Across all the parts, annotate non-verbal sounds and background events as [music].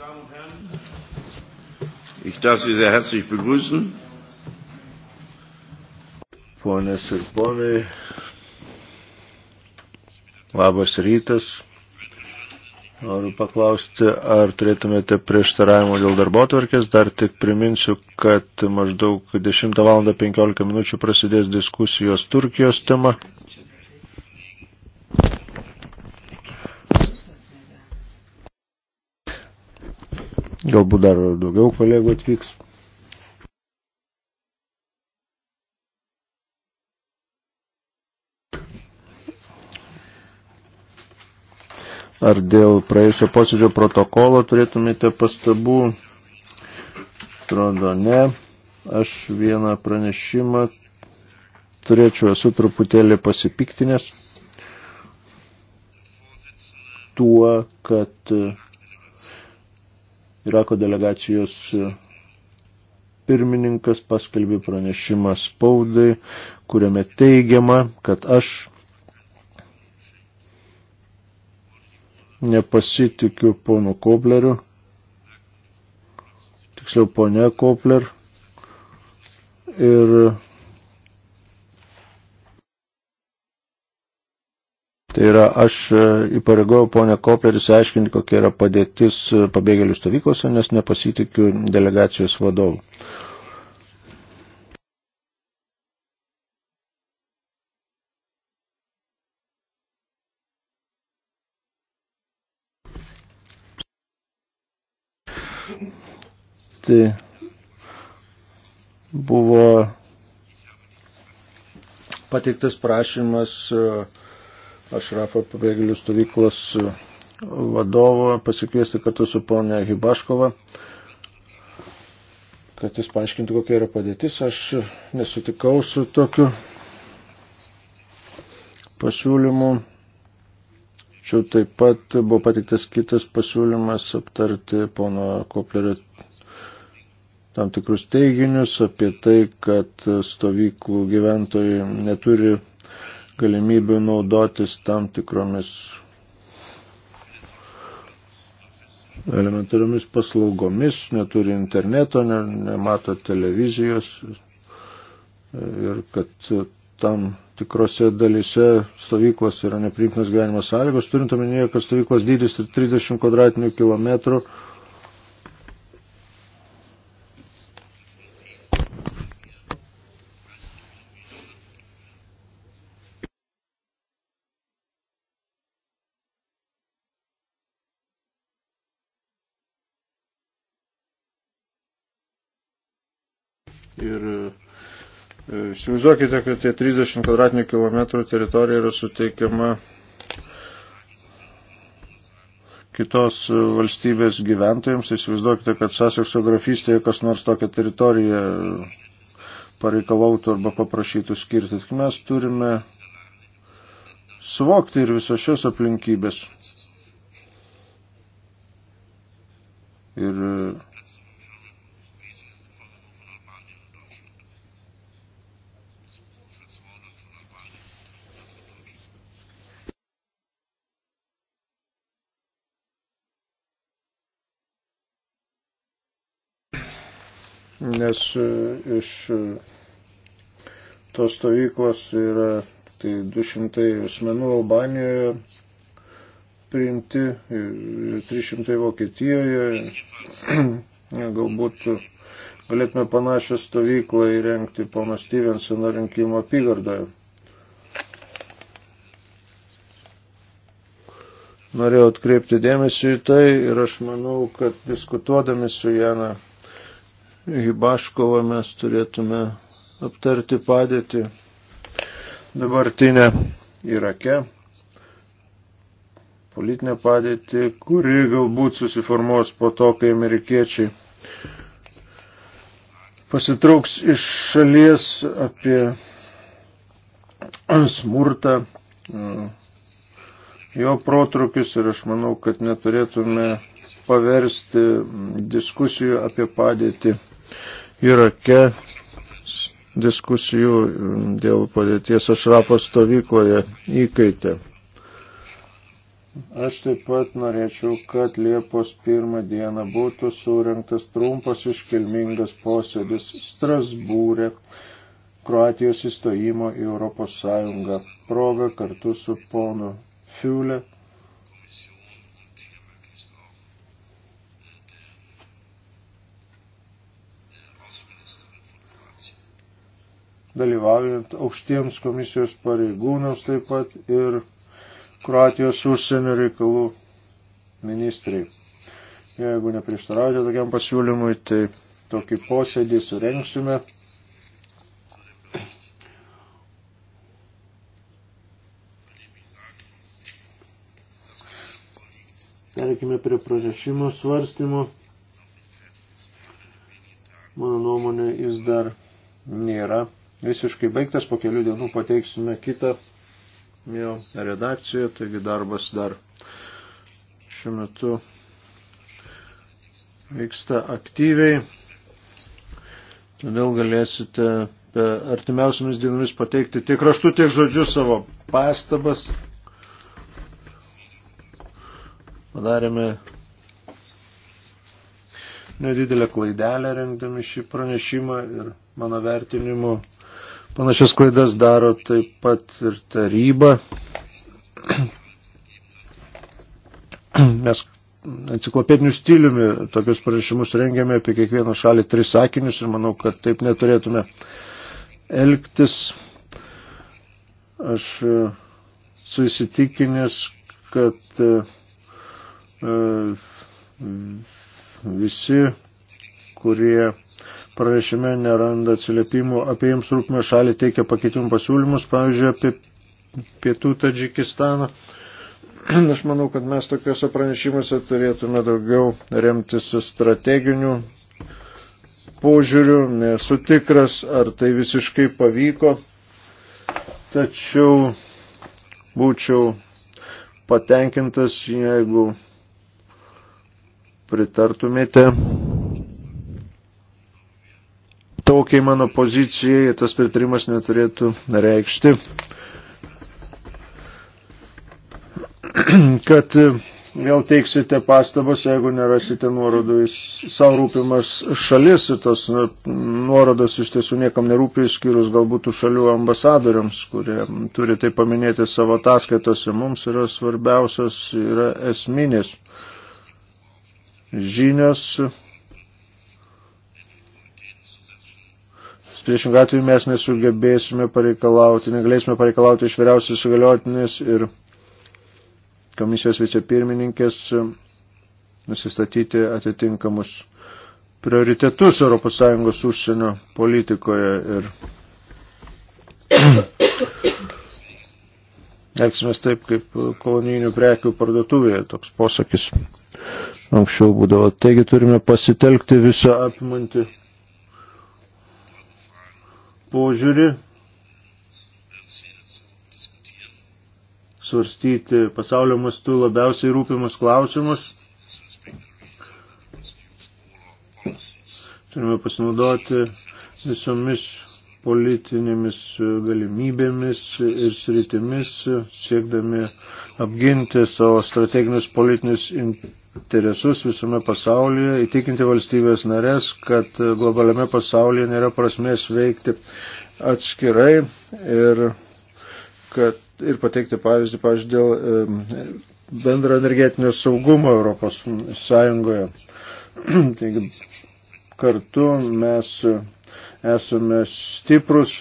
Damen und Herren. Ich darf Sie sehr herzlich begrüßen. Ponas ir ponai, labas rytas. Noriu paklausti, ar turėtumėte prieštaravimų dėl darbotvarkės. Dar tik priminsiu, kad maždaug 10 val. 15 min. prasidės diskusijos Turkijos tema. Galbūt dar daugiau kolegų atvyks. Ar dėl praėjusio posėdžio protokolo turėtumėte pastabų? Atrodo, ne. Aš vieną pranešimą turėčiau, esu truputėlį pasipiktinęs tuo, kad Irako delegacijos e, pirmininkas paskelbė pranešimą spaudai, kuriame teigiama, kad aš nepasitikiu ponu Kopleriu, tiksliau ponia Kopler, ir Tai yra, aš e, įpareigojau ponę Koplerį aiškinti, kokia yra padėtis e, pabėgėlių stovyklose, nes nepasitikiu delegacijos vadovų. Tai buvo pateiktas prašymas uh, Ašrafo pabėgėlių stovyklos e, vadovo pasikviesti kartu su ponia Hibaškova, kad jis paaiškintų, kokia yra padėtis. Aš nesutikau su tokiu pasiūlymu. Čia taip pat buvo patiktas kitas pasiūlymas aptarti pono Koplerio tam tikrus teiginius apie tai, kad stovyklų gyventojai neturi galimybių naudotis tam tikromis elementariomis paslaugomis, neturi interneto, ne, nemato televizijos ir kad tam tikrose dalise stovyklos yra neprimtinas gyvenimo sąlygos, turint omenyje, kad stovyklos dydis yra 30 kvadratinių kilometrų, Įsivaizduokite, kad tie 30 kvadratinių kilometrų teritorija yra suteikiama kitos valstybės gyventojams. Įsivaizduokite, kad Sasekso grafystėje kas nors tokią teritoriją pareikalautų arba paprašytų skirti. Tik mes turime suvokti ir visos šios aplinkybės. Ir nes e, iš e, tos stovyklos yra tai 200 asmenų Albanijoje priimti, 300 Vokietijoje, [clears throat] galbūt galėtume panašią stovyklą įrengti pono Stevensono rinkimo apygardoje. Norėjau atkreipti dėmesį į tai ir aš manau, kad diskutuodami su Jana Hibaškovą mes turėtume aptarti padėtį dabartinę Irake, politinę padėtį, kuri galbūt susiformuos po to, kai amerikiečiai pasitrauks iš šalies apie smurtą, jo protrukius ir aš manau, kad neturėtume paversti diskusijų apie padėtį Irake diskusijų dėl padėties Ašrafo stovykloje įkaitė. Aš taip pat norėčiau, kad Liepos pirmą dieną būtų surinktas trumpas iškilmingas posėdis Strasbūrė, Kroatijos įstojimo į Europos Sąjungą proga kartu su ponu Fiulė dalyvaujant aukštiems komisijos pareigūnams taip pat ir Kroatijos užsienio reikalų ministrai. Jeigu neprieštaraujate tokiam pasiūlymui, tai tokį posėdį surenksime. Perkime prie pranešimo svarstymo. Mano nuomonė, jis dar nėra visiškai baigtas, po kelių dienų pateiksime kitą jo redakciją, taigi darbas dar šiuo metu vyksta aktyviai, todėl galėsite per artimiausiamis dienomis pateikti tiek raštų, tiek žodžių savo pastabas. Padarėme nedidelę klaidelę rengdami šį pranešimą ir mano vertinimu Panašias klaidas daro taip pat ir taryba. Mes enciklopediniu stiliumi tokius pranešimus rengiame apie kiekvieną šalį tris sakinius ir manau, kad taip neturėtume elgtis. Aš e, su įsitikinęs, kad e, e, visi, kurie pranešime neranda atsiliepimų apie jums rūpimą šalį teikia pakeitimų pasiūlymus, pavyzdžiui, apie pietų Tadžikistaną. [clears throat] Aš manau, kad mes tokiuose pranešimuose turėtume daugiau remtis strateginių požiūrių, nesu tikras, ar tai visiškai pavyko, tačiau būčiau patenkintas, jeigu pritartumėte taukiai mano pozicijai, tas pritarimas neturėtų reikšti, [clears throat] kad vėl teiksite pastabas, jeigu nerasite nuorodų į savo rūpimas šalis, tos nuorodos iš tiesų niekam nerūpi, išskyrus galbūt šalių ambasadoriams, kurie turi tai paminėti savo ataskaitose. Mums yra svarbiausios, yra esminės žinios Priešingą atveju mes nesugebėsime pareikalauti, negalėsime pareikalauti iš vyriausios sugaliotinės ir komisijos vicepirmininkės um, nusistatyti atitinkamus prioritetus ES užsienio politikoje ir [coughs] Elgsimės taip, kaip kolonijinių prekių parduotuvėje, toks posakis anksčiau būdavo. Taigi turime pasitelkti visą apimantį požiūrį svarstyti pasaulio mastu labiausiai rūpimus klausimus. Turime pasinaudoti visomis politinėmis galimybėmis ir sritimis, siekdami apginti savo strateginius politinius interesus interesus visame pasaulyje, įtikinti valstybės narės, kad globaliame pasaulyje nėra prasmės veikti atskirai ir, kad, ir pateikti pavyzdį, pavyzdžiui, dėl bendro energetinio saugumo Europos Sąjungoje. [clears throat] Taigi, kartu mes esame stiprus,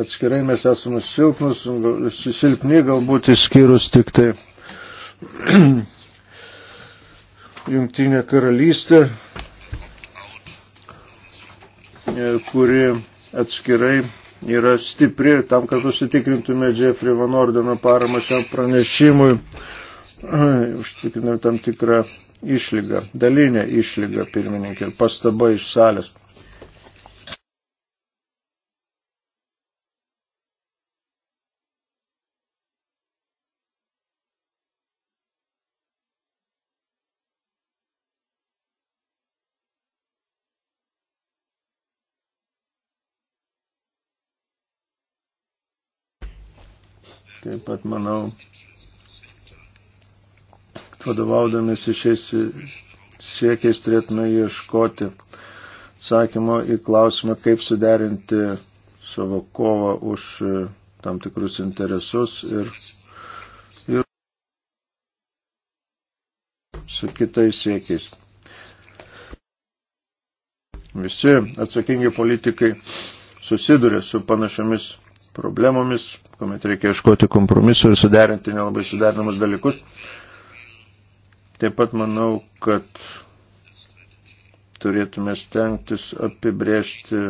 atskirai mes esame silpnus, silpni galbūt išskyrus tik tai [clears throat] Jungtinė karalystė, e, kuri atskirai yra stipri tam, kad užsitikrintume Jeffrey Van Ordeno paramą šiam pranešimui, e, užtikrintume tam tikrą išlygą, dalinę išlygą pirmininkė ir pastaba iš salės. Taip pat manau, vadovaudomis šiais siekiais turėtume ieškoti atsakymo į klausimą, kaip suderinti savo kovą už e, tam tikrus interesus ir, ir su kitais siekiais. Visi atsakingi politikai susiduria su panašiomis problemomis, kuomet reikia iškoti kompromisu ir suderinti nelabai suderinamus dalykus. Taip pat manau, kad turėtume stengtis apibrėžti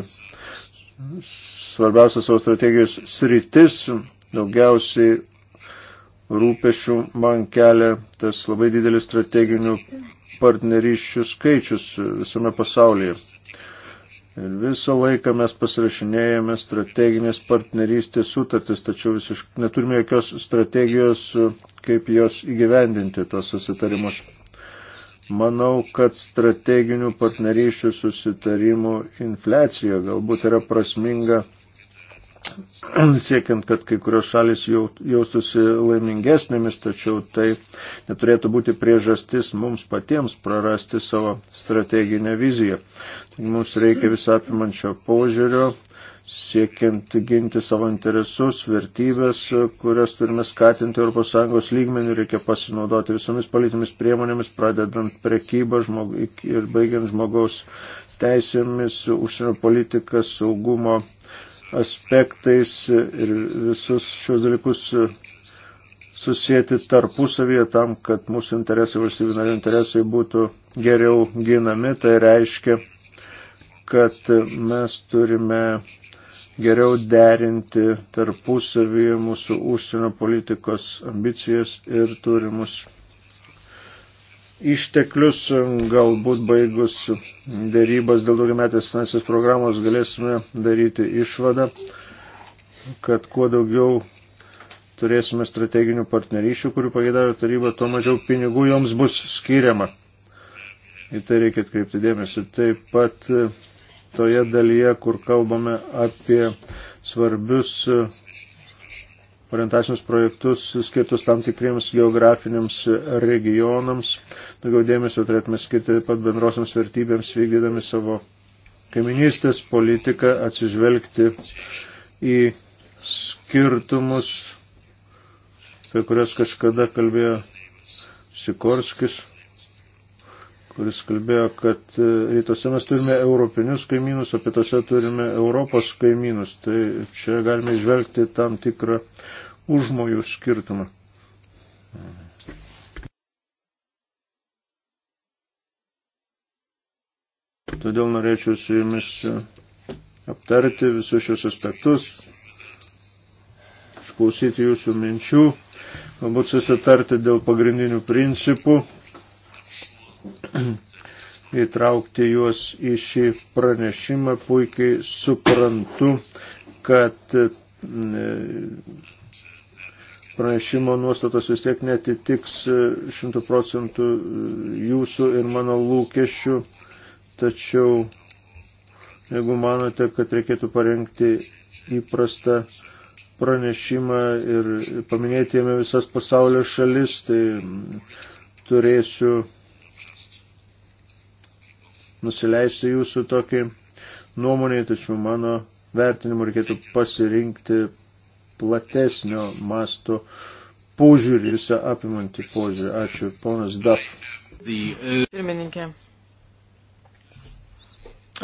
svarbiausias savo strategijos sritis, daugiausiai rūpešių man kelia tas labai didelis strateginių partnerysčių skaičius visame pasaulyje. Ir visą laiką mes pasirašinėjame strateginės partnerystės sutartis, tačiau visiškai neturime jokios strategijos, kaip jos įgyvendinti, tos susitarimus. Manau, kad strateginių partnerysčių susitarimų infliacija galbūt yra prasminga [clears throat] siekiant, kad kai kurios šalis jau, jaustųsi laimingesnėmis, tačiau tai neturėtų būti priežastis mums patiems prarasti savo strateginę viziją. Taigi mums reikia visapimančio požiūrio, siekiant ginti savo interesus, vertybės, kurias turime skatinti ES lygmenį, reikia pasinaudoti visomis politinėmis priemonėmis, pradedant prekybą žmog... ir baigiant žmogaus teisėmis, užsienio politiką, saugumo aspektais ir visus šios dalykus susijęti tarpusavyje tam, kad mūsų interesai, valstybių narių interesai būtų geriau ginami. Tai reiškia, kad mes turime geriau derinti tarpusavyje mūsų užsienio politikos ambicijas ir turimus išteklius, galbūt baigus dėrybas dėl daugiametės finansinės programos galėsime daryti išvadą, kad kuo daugiau turėsime strateginių partnerysčių, kurių pageidavo taryba, tuo mažiau pinigų joms bus skiriama. Į tai reikia atkreipti dėmesį. Taip pat e, toje dalyje, kur kalbame apie svarbius e, orientacinius projektus skirtus tam tikriems geografiniams regionams. Daugiau dėmesio turėtume skirti taip pat bendrosiams vertybėms vykdydami savo kaiminystės politiką, atsižvelgti į skirtumus, apie kurias kažkada kalbėjo Sikorskis kuris kalbėjo, kad e, rytuose mes turime europinius kaimynus, o pietuose turime Europos kaimynus. Tai čia galime išvelgti tam tikrą užmojų skirtumą. Todėl norėčiau su jumis aptarti visus šios aspektus, išklausyti jūsų minčių, galbūt susitarti dėl pagrindinių principų, [clears throat] įtraukti juos į šį pranešimą. Puikiai suprantu, kad mm, pranešimo nuostatos vis tiek netitiks e, šimtų procentų e, jūsų ir mano lūkesčių, tačiau jeigu manote, kad reikėtų parengti įprastą pranešimą ir paminėti jame visas pasaulio šalis, tai mm, turėsiu nusileisti jūsų tokį nuomonį, tačiau mano vertinimu reikėtų pasirinkti platesnio masto požiūrį, visą apimantį požiūrį. Ačiū, ponas Daf. Pirmininkė,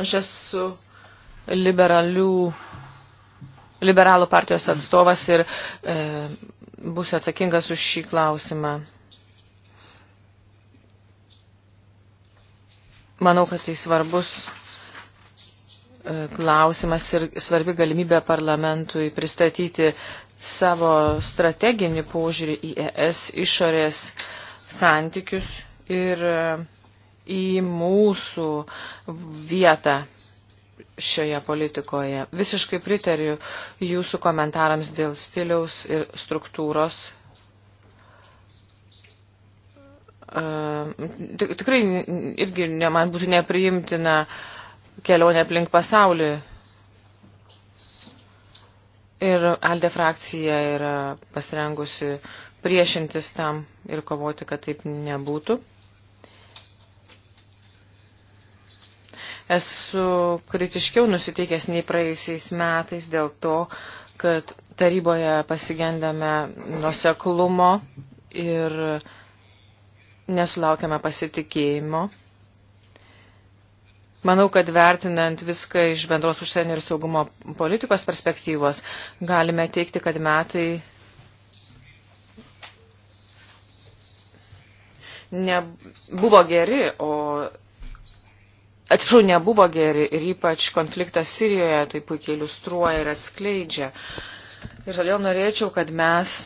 aš esu liberalių, liberalų partijos atstovas ir e, būsiu atsakingas už šį klausimą. Manau, kad tai svarbus E, klausimas ir svarbi galimybė parlamentui pristatyti savo strateginį požiūrį į ES išorės santykius ir e, į mūsų vietą šioje politikoje. Visiškai pritariu jūsų komentarams dėl stiliaus ir struktūros. E, tikrai irgi man būtų nepriimtina uh, kelionę aplink pasaulį. Ir Alde frakcija yra pasirengusi priešintis tam ir kovoti, kad taip nebūtų. Esu kritiškiau nusiteikęs nei praėjusiais metais dėl to, kad taryboje pasigendame nuseklumo ir nesulaukiame pasitikėjimo. Manau, kad vertinant viską iš bendros užsienio ir saugumo politikos perspektyvos, galime teikti, kad metai nebuvo geri, o atsiprašau, nebuvo geri ir ypač konfliktas Sirijoje tai puikiai iliustruoja ir atskleidžia. Ir todėl norėčiau, kad mes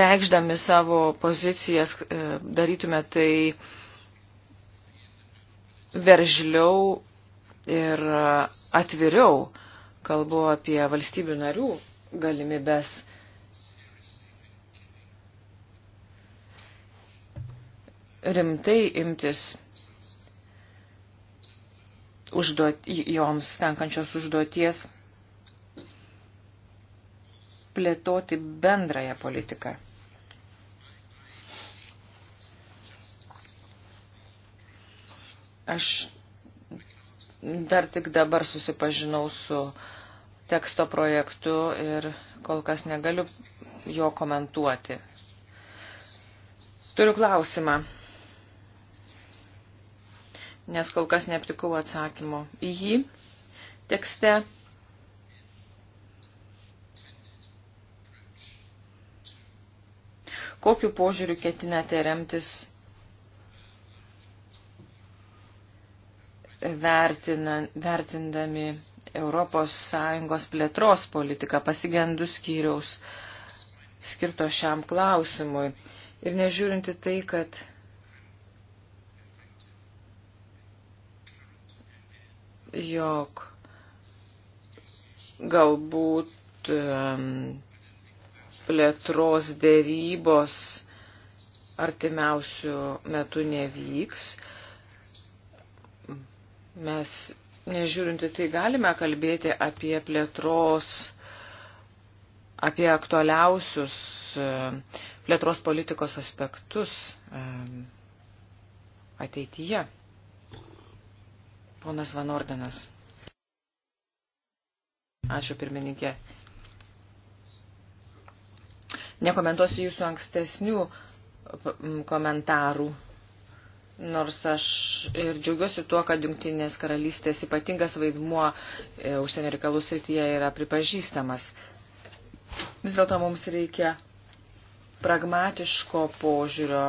reikšdami savo pozicijas e, darytume tai veržliau ir atviriau. Kalbu apie valstybių narių galimybės rimtai imtis užduot, joms tenkančios užduoties plėtoti bendrąją politiką. Aš dar tik dabar susipažinau su teksto projektu ir kol kas negaliu jo komentuoti. Turiu klausimą, nes kol kas neaptikau atsakymo į jį tekste. Kokiu požiūriu ketinate remtis vertina, vertindami ES plėtros politiką, pasigendų skyriaus skirto šiam klausimui. Ir nežiūrinti tai, kad jog galbūt um, plėtros dėrybos artimiausių metų nevyks, Mes, nežiūrint į tai, galime kalbėti apie plėtros, apie aktualiausius e, plėtros politikos aspektus e, ateityje. Ponas Vanordinas. Ačiū pirmininkė. Nekomentuosiu jūsų ankstesnių komentarų Nors aš ir džiaugiuosi tuo, kad Junktinės karalystės ypatingas vaidmuo e, užsienio reikalų srityje yra pripažįstamas. Vis dėlto mums reikia pragmatiško požiūrio,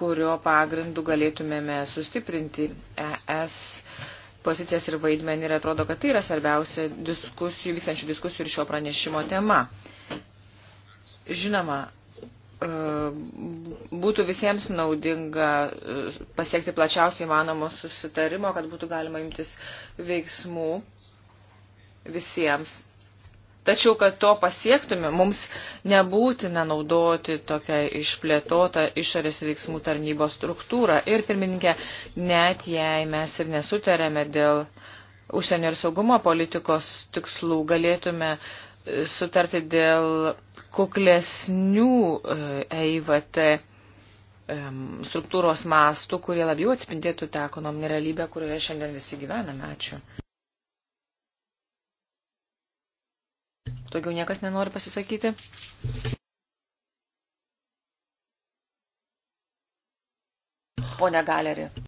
kurio pagrindų galėtumėme sustiprinti ES pozicijas ir vaidmenį ir atrodo, kad tai yra svarbiausia diskusijų, vykstančių diskusijų ir šio pranešimo tema. Žinoma, E, būtų visiems naudinga e, pasiekti plačiausiai įmanomo susitarimo, kad būtų galima imtis veiksmų visiems. Tačiau, kad to pasiektume, mums nebūtina naudoti tokią išplėtotą išorės veiksmų tarnybos struktūrą. Ir, pirmininkė, net jei mes ir nesutarėme dėl užsienio ir saugumo politikos tikslų, galėtume uh, sutarti dėl kuklesnių EIVT e e, struktūros mastų, kurie labiau atspindėtų tą ekonominę realybę, kurioje šiandien visi gyvename. Ačiū. Daugiau niekas nenori pasisakyti. Pone Galerį.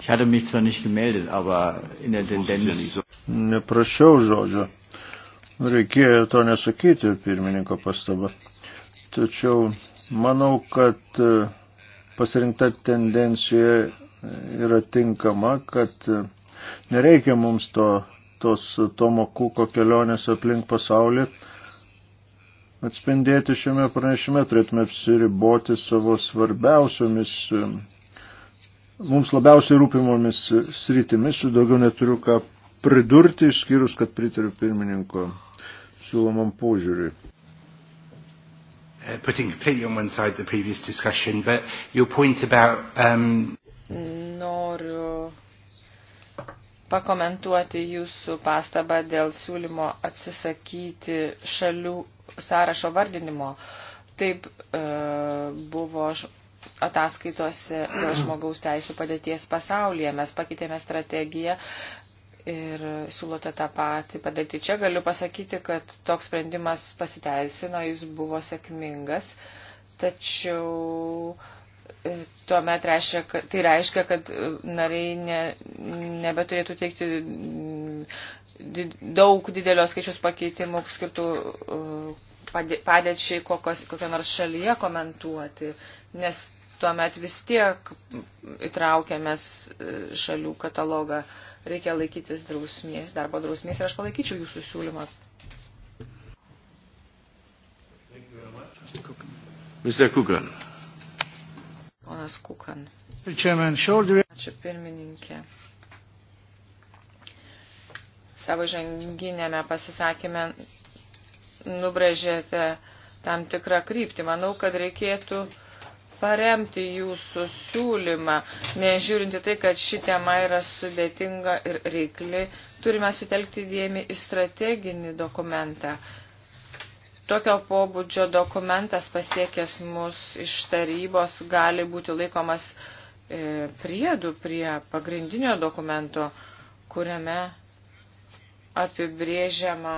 Ich hatte mich zwar nicht gemeldet, aber in der Tendenz. Neprašiau žodžio. Reikėjo to nesakyti, pirmininko pastaba. Tačiau manau, kad e, pasirinkta tendencija e, yra tinkama, kad e, nereikia mums to, tos Tomo Kuko kelionės aplink pasaulį atspindėti šiame pranešime, turėtume apsiriboti savo svarbiausiomis mums labiausiai rūpimomis sritimis. Daugiau neturiu ką pridurti, išskyrus, kad pritariu pirmininko siūlomam požiūriui. Uh, putting completely on one side the previous discussion, but your point about um, noriu pakomentuoti jūsų pastabą dėl siūlymo atsisakyti šalių sąrašo vardinimo. Taip e, buvo ataskaitose dėl žmogaus teisų padėties pasaulyje. Mes pakeitėme strategiją ir siūlote tą patį padaryti. Čia galiu pasakyti, kad toks sprendimas pasiteisino, jis buvo sėkmingas, tačiau e, tuomet reiškia, tai reiškia, kad e, nariai ne, nebeturėtų teikti mm, did, daug didelio skaičius pakeitimų skirtų e, padėčiai kokios, kokio nors šalyje komentuoti, nes tuomet vis tiek įtraukiamės e, šalių katalogą. Reikia laikytis drausmės, darbo drausmės ir aš palaikyčiau jūsų siūlymą. Mr. Kukan. Ponas Kukan. Ačiū pirmininkė. Savo žanginėme pasisakymę nubrėžėte tam tikrą kryptį. Manau, kad reikėtų uh, paremti jūsų siūlymą, nežiūrinti tai, kad ši tema yra sudėtinga ir reikli, turime sutelkti dėmį į strateginį dokumentą. Tokio pobūdžio dokumentas pasiekęs mus iš tarybos gali būti laikomas e, priedų prie pagrindinio dokumento, kuriame apibrėžiama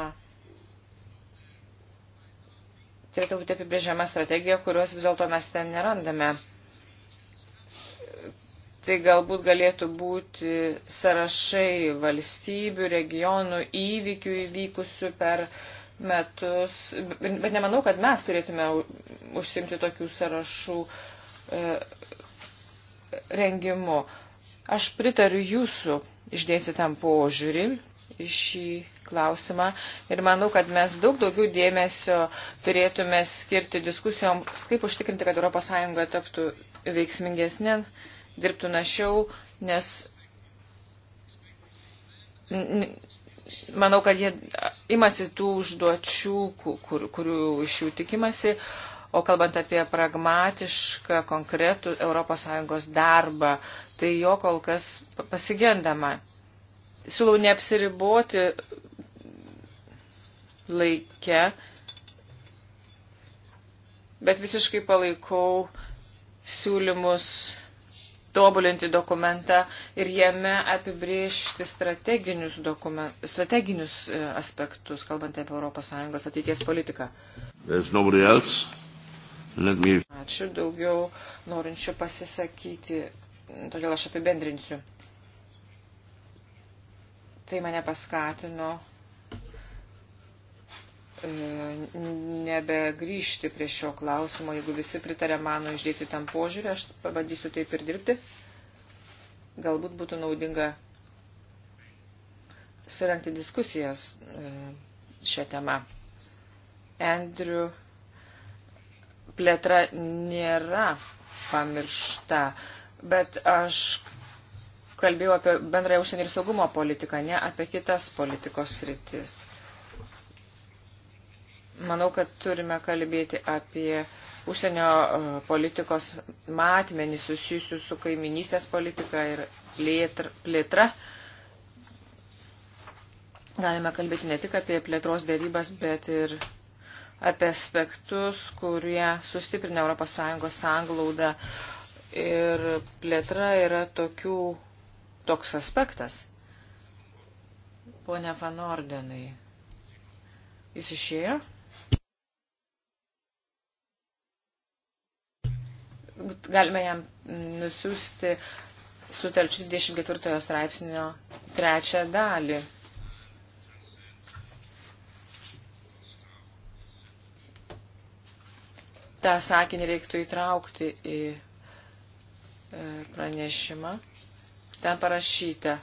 turėtų būti apibrėžiama strategija, kurios vis dėlto mes ten nerandame. Tai galbūt galėtų būti sąrašai valstybių, regionų, įvykių įvykusių per metus, bet nemanau, kad mes turėtume užsimti tokių sąrašų e, rengimu. Aš pritariu jūsų išdėsitam požiūrį iš šį klausimą ir manau, kad mes daug daugiau dėmesio turėtume skirti diskusijom, kaip užtikrinti, kad ES taptų veiksmingesnė, dirbtų našiau, nes manau, kad jie imasi tų užduočių, kur, kurių iš jų tikimasi. O kalbant apie pragmatišką, konkretų ES darbą, tai jo kol kas pasigendama siūlau neapsiriboti laike, bet visiškai palaikau siūlymus tobulinti dokumentą ir jame apibriežti strateginius, dokument, strateginius e, aspektus, kalbant apie ES ateities politiką. Me... Ačiū daugiau norinčių pasisakyti, todėl aš apibendrinsiu. Tai mane paskatino nebegrįžti prie šio klausimo. Jeigu visi pritarė mano išdėstytam požiūrį, aš pabandysiu taip ir dirbti. Galbūt būtų naudinga surengti diskusijas e, šią temą. Andrew plėtra nėra pamiršta, bet aš kalbėjau apie bendrąją užsienio ir saugumo politiką, ne apie kitas politikos rytis. Manau, kad turime kalbėti apie užsienio e, politikos matmenį susijusių su kaiminystės politika ir plėtra. Galime kalbėti ne tik apie plėtros dėrybas, bet ir apie aspektus, kurie sustiprina ES sanglaudą. Ir plėtra yra tokių, toks aspektas. Pone Van Ordenai, jis išėjo? galime jam nusiųsti sutarčių 24 straipsnio trečią dalį. tą sakinį reiktų įtraukti į e, pranešimą. Ten parašyta,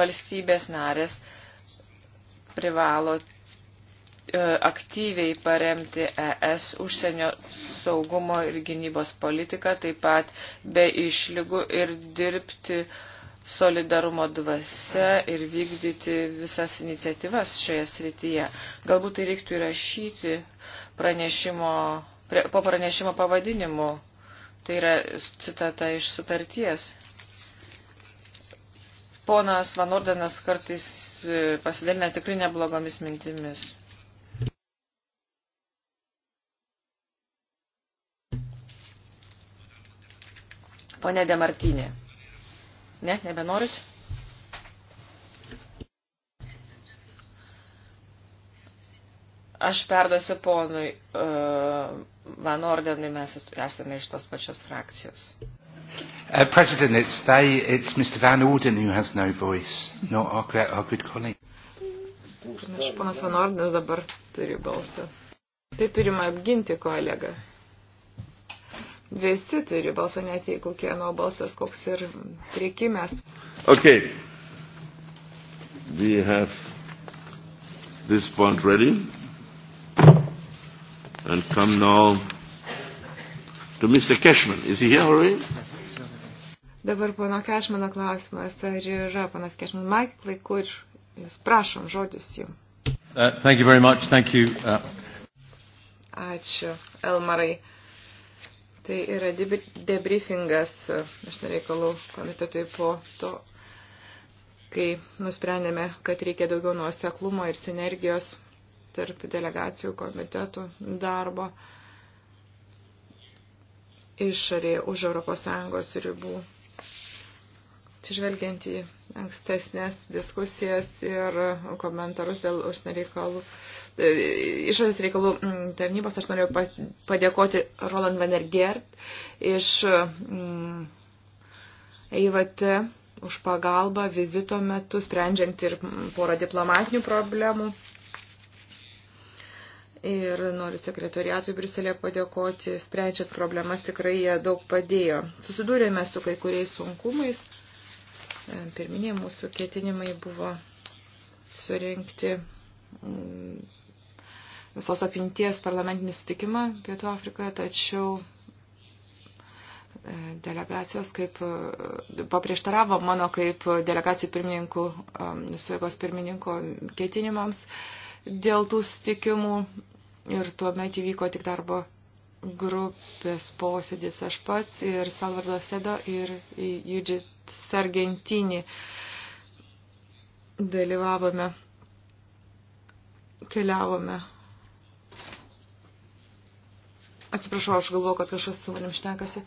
valstybės narės privalo e, aktyviai paremti ES užsienio saugumo ir gynybos politiką, taip pat be išlygų ir dirbti solidarumo dvasia ir vykdyti visas iniciatyvas šioje srityje. Galbūt tai reiktų įrašyti pranešimo, po pranešimo pavadinimu. Tai yra citata iš sutarties. Ponas Vanordenas kartais e, pasidalina tikrai neblogomis mintimis. Pone Demartinė. Ne, nebenorit? Aš perduosiu ponui uh, Van Ordenui, mes esame iš tos pačios frakcijos. Uh, President, it's, they, it's Mr. Van Orden who has no voice, not our, our good colleague. Aš panas Van Ordenas dabar turiu balsą. Tai turime apginti kolegą. Visi turi balsą, net jeigu kieno balsas koks ir priekimės. Okay. We have this point ready. And come now to Mr. Cashman. Is he here already? Dabar pono Kešmano klausimas, ar yra ponas Kešman Maiklai, kur jūs prašom žodis jums. Uh, thank you very much. Thank you. Uh... Ačiū, Elmarai. Uh, Tai yra debriefingas, aš e, nereikalų komitetui po to, kai nusprendėme, kad reikia daugiau nuoseklumo ir sinergijos tarp delegacijų komitetų darbo išorėje už ES ribų. Atsižvelgiant į ankstesnės diskusijas ir komentarus dėl užsienio reikalų E, išorės reikalų tarnybos, aš noriu padėkoti Roland Vanergert iš EIVT už pagalbą vizito metu, sprendžiant ir porą diplomatinių problemų. Ir noriu sekretoriatui Briuselėje padėkoti, sprendžiant problemas tikrai jie daug padėjo. Susidūrėme su kai kuriais sunkumais. E, pirminiai mūsų ketinimai buvo surinkti visos apimties parlamentinį sutikimą Pietų Afrikoje, tačiau e, delegacijos kaip e, paprieštaravo mano kaip delegacijų pirmininkų, e, suėgos pirmininko ketinimams dėl tų sutikimų ir tuomet įvyko tik darbo grupės posėdis aš pats ir Salvador Sedo ir Judžit Sargentinį dalyvavome, keliavome Atsiprašau, aš galvoju, kad kažkas su manim šnekasi.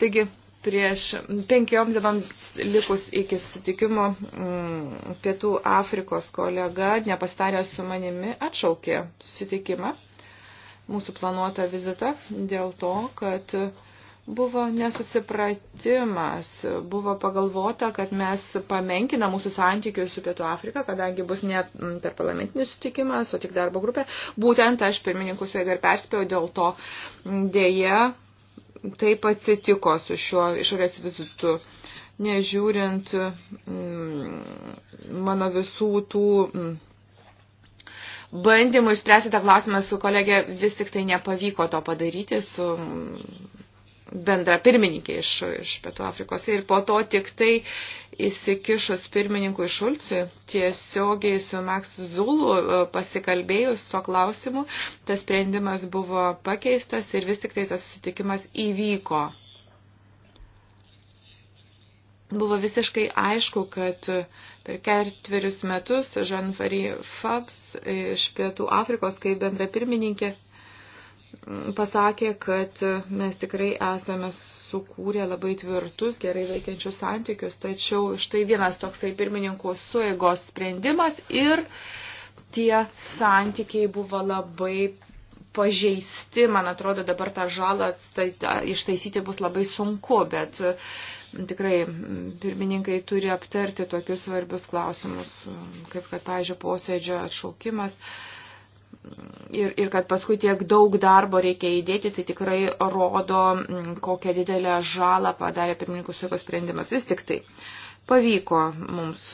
Taigi, prieš penkiom dienom likus iki susitikimo mm, Pietų Afrikos kolega, nepastarė su manimi, atšaukė susitikimą, mūsų planuotą vizitą, dėl to, kad uh, buvo nesusipratimas. Buvo pagalvota, kad mes pamenkina mūsų santykius su Pietų Afrika, kadangi bus ne per parlamentinis sutikimas, o tik darbo grupė. Būtent aš pirmininkų suėga ir perspėjau dėl to dėje. Taip atsitiko su šiuo išorės vizitu nežiūrint mm, mano visų tų mm, bandymų išspręsti tą klausimą su kolegė, vis tik tai nepavyko to padaryti su mm, bendra pirmininkė iš, iš Pietų Afrikos. Ir po to tik tai įsikišus pirmininkui Šulciui, tiesiogiai su Max Zulu e, pasikalbėjus tuo klausimu, tas sprendimas buvo pakeistas ir vis tik tai tas susitikimas įvyko. Buvo visiškai aišku, kad per ketverius metus Jean-Farie Fabs iš Pietų Afrikos kaip bendra pirmininkė pasakė, kad mes tikrai esame sukūrė labai tvirtus, gerai veikiančius santykius, tačiau štai vienas toksai pirmininkų sueigos sprendimas ir tie santykiai buvo labai pažeisti, man atrodo, dabar tą žalą ištaisyti bus labai sunku, bet tikrai pirmininkai turi aptarti tokius svarbius klausimus, kaip kad, pavyzdžiui, posėdžio atšaukimas. Uh, ir, ir kad paskui tiek daug darbo reikia įdėti, tai tikrai rodo, mm, kokią didelę žalą padarė pirmininkų suėgos sprendimas. Vis tik tai pavyko mums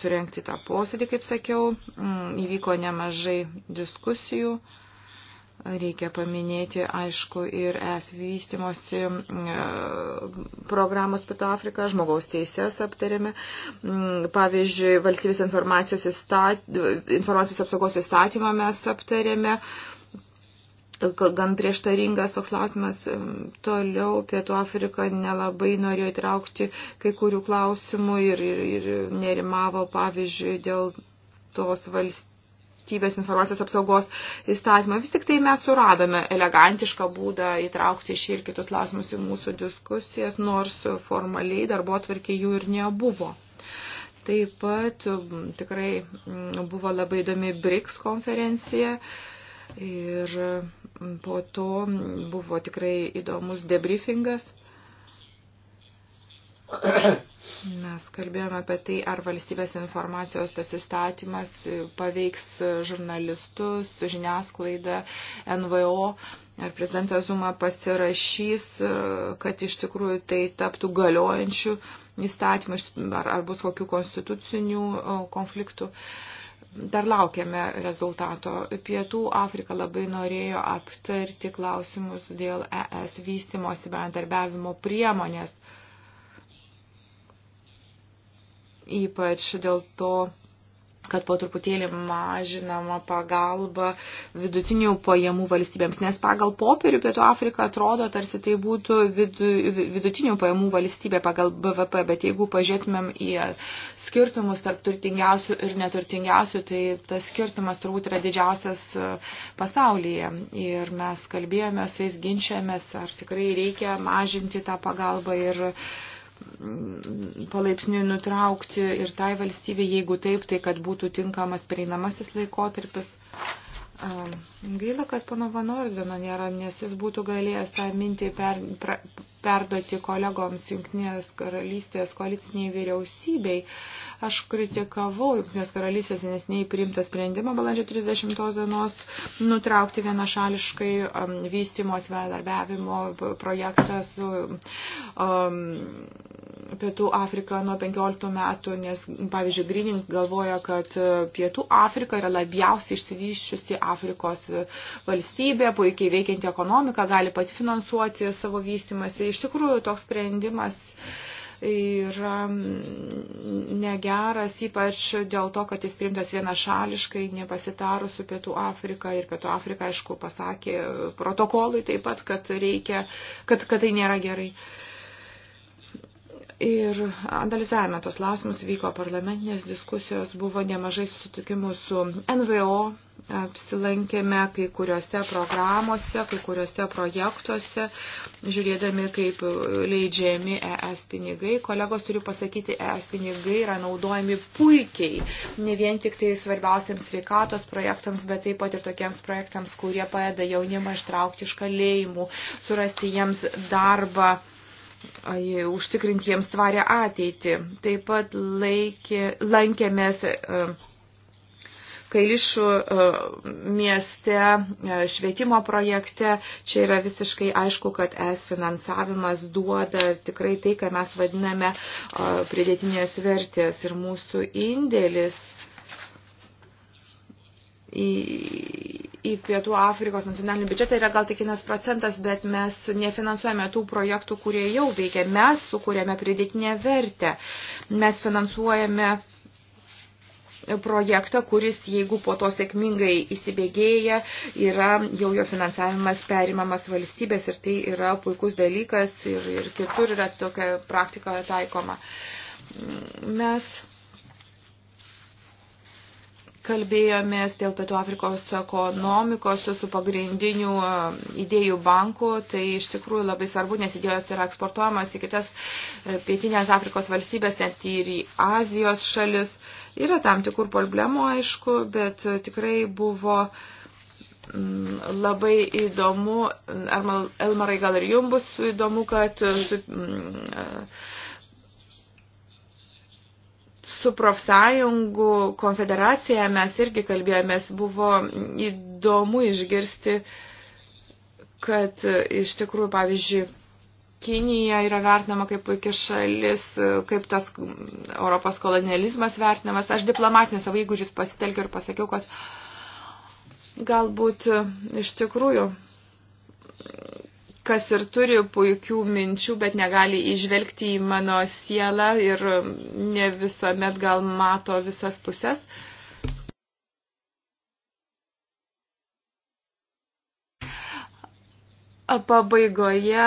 surenkti tą posėdį, kaip sakiau, mm, įvyko nemažai diskusijų. Reikia paminėti, aišku, ir es vystimosi e, programos Pietų Afrika, žmogaus teisės aptarėme. Pavyzdžiui, valstybės informacijos, įstat... informacijos apsaugos įstatymą mes aptarėme. Gan prieštaringas toks klausimas. Toliau Pietų Afrika nelabai norėjo įtraukti kai kurių klausimų ir, ir, ir nerimavo, pavyzdžiui, dėl tos valstybės valstybės informacijos apsaugos įstatymą. Vis tik tai mes suradome elegantišką būdą įtraukti šį ir kitus klausimus į mūsų diskusijas, nors formaliai darbo atvarkė jų ir nebuvo. Taip pat tikrai buvo labai įdomi BRICS konferencija. Ir po to buvo tikrai įdomus debriefingas Mes kalbėjome apie tai, ar valstybės informacijos tas įstatymas paveiks žurnalistus, žiniasklaidą, NVO, ar prezidentas Zuma pasirašys, kad iš tikrųjų tai taptų galiojančių įstatymų, ar, ar bus kokių konstitucinių konfliktų. Dar laukiame rezultato. Pietų Afrika labai norėjo aptarti klausimus dėl ES vystimosi bendarbiavimo priemonės ypač dėl to, kad po truputėlį mažinama pagalba vidutinių pajamų valstybėms, nes pagal popierių Pietų Afrika atrodo, tarsi tai būtų vidu, vidutinių pajamų valstybė pagal BVP, bet jeigu pažiūrėtumėm į skirtumus tarp turtingiausių ir neturtingiausių, tai tas skirtumas turbūt yra didžiausias e, pasaulyje. Ir mes kalbėjome su jais, ginčiamės, ar tikrai reikia mažinti tą pagalbą ir uh, palaipsniui nutraukti ir tai valstybei, jeigu taip, tai kad būtų tinkamas pereinamasis laikotarpis. Gaila, kad pono Van Ordeno nėra, nes jis būtų galėjęs tą mintį per, pra, perduoti kolegoms Junktinės karalystės koaliciniai vyriausybei. Aš kritikavau Junktinės karalystės nesnei priimtą sprendimą balandžio 30 dienos nutraukti vienašališkai um, vystimo svedarbiavimo projektą su um, Pietų Afriką nuo 15 metų, nes, pavyzdžiui, Greening galvoja, kad e, Pietų Afrika yra labiausiai išsivyščiusi Afrikos e, valstybė, puikiai veikianti ekonomika, gali pati finansuoti savo vystimąsi. Iš tikrųjų, toks sprendimas yra mm, negeras, ypač dėl to, kad jis priimtas vienašališkai, nepasitarus su Pietų Afrika. Ir Pietų Afrika, aišku, pasakė protokolui taip pat, kad, reikia, kad, kad tai nėra gerai. Uh, Ir analizavome tos lausimus, vyko parlamentinės diskusijos, buvo nemažai susitikimų su NVO, apsilankėme kai kuriuose programuose, kai kuriuose projektuose, žiūrėdami, kaip leidžiami ES pinigai. Kolegos turiu pasakyti, ES pinigai yra naudojami puikiai, ne vien tik tai svarbiausiams sveikatos projektams, bet taip pat ir tokiems projektams, kurie padeda jaunimą ištraukti iš kalėjimų, surasti jiems darbą užtikrinti jiems tvarę ateitį. Taip pat laikė, lankėmės e, Kailišų e, mieste e, švietimo projekte. Čia yra visiškai aišku, kad es finansavimas duoda tikrai tai, ką mes vadiname pridėtinės vertės ir mūsų indėlis į, į Pietų Afrikos nacionalinį biudžetą yra gal tik vienas procentas, bet mes nefinansuojame tų projektų, kurie jau veikia. Mes sukūrėme pridėtinę vertę. Mes finansuojame projektą, kuris, jeigu po to sėkmingai įsibėgėja, yra jau jo finansavimas perimamas valstybės ir tai yra puikus dalykas ir, ir kitur yra tokia praktika taikoma. Mes kalbėjomės dėl Pietų Afrikos ekonomikos su pagrindiniu idėjų banku. Tai iš tikrųjų labai svarbu, nes idėjos yra eksportuojamas į kitas e, pietinės Afrikos valstybės, net ir į Azijos šalis. Yra tam tikrų problemų, aišku, bet e, tikrai buvo mm, labai įdomu, Elmarai gal ir jums bus įdomu, kad e, su, mm, su profsąjungų konfederacija mes irgi kalbėjomės, buvo įdomu išgirsti, kad e, iš tikrųjų, pavyzdžiui, Kinija yra vertinama kaip puikia šalis, e, kaip tas Europos kolonializmas vertinamas. Aš diplomatinės savo įgūdžius pasitelkiu ir pasakiau, kad galbūt e, iš tikrųjų kas ir turi puikių minčių, bet negali išvelgti į mano sielą ir um, ne visuomet gal mato visas pusės. Pabaigoje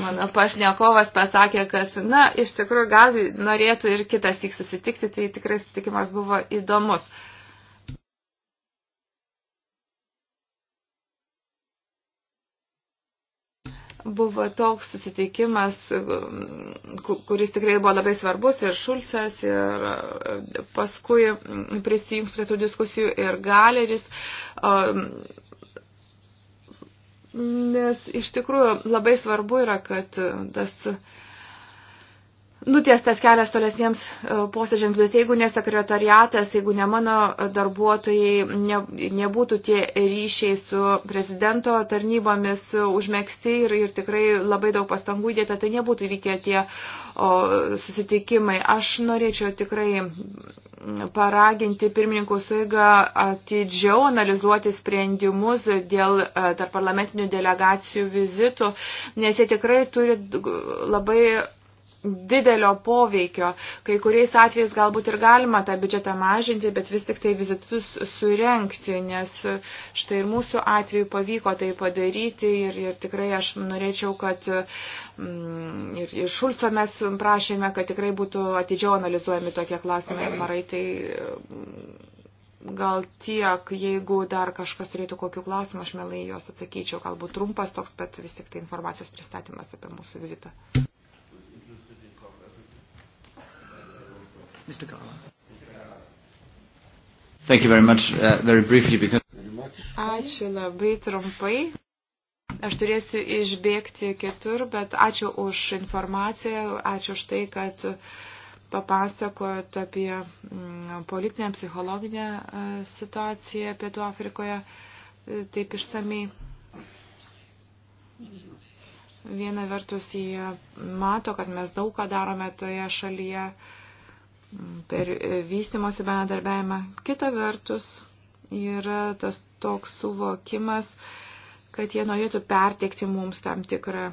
mano pašnekovas pasakė, kad, na, iš tikrųjų gal norėtų ir kitas tik susitikti, tai tikrai sutikimas buvo įdomus. Uh, buvo toks susitikimas, kuris tikrai buvo labai svarbus ir Šulcas, ir e, paskui mm, prisijungs prie tų diskusijų ir Galeris. Mm, nes iš tikrųjų labai svarbu yra, kad tas uh, nutiestas kelias tolesniems e, posėdžiams, bet jeigu ne sekretariatas, jeigu ne mano darbuotojai, ne, nebūtų tie ryšiai su prezidento tarnybomis užmėgsti ir, ir tikrai labai daug pastangų įdėta, tai nebūtų įvykę tie o, susitikimai. Aš norėčiau tikrai paraginti pirmininkų suigą atidžiau analizuoti sprendimus dėl e, tarp parlamentinių delegacijų vizitų, nes jie tikrai turi labai didelio poveikio. Kai kuriais atvejais galbūt ir galima tą biudžetą mažinti, bet vis tik tai vizitus surenkti, nes štai ir mūsų atveju pavyko tai padaryti ir, ir tikrai aš norėčiau, kad mm, ir, ir Šulco mes prašėme, kad tikrai būtų atidžiau analizuojami tokie klausimai ir marai. Tai, mm, Gal tiek, jeigu dar kažkas turėtų kokių klausimų, aš mielai juos atsakyčiau. Galbūt trumpas toks, bet vis tik tai informacijos pristatymas apie mūsų vizitą. Mr. Gala. Thank you very much, uh, very briefly, because... Ačiū labai trumpai. Aš turėsiu išbėgti kitur, bet ačiū už informaciją, ačiū už tai, kad papasakojot apie mm, politinę, psichologinę e, situaciją Pietų Afrikoje e, taip išsamei. Viena vertus jie mato, kad mes daug ką darome toje šalyje Mm, per e, vystimosi bendradarbiavimą. Kita vertus yra tas toks suvokimas, kad jie norėtų perteikti mums tam tikrą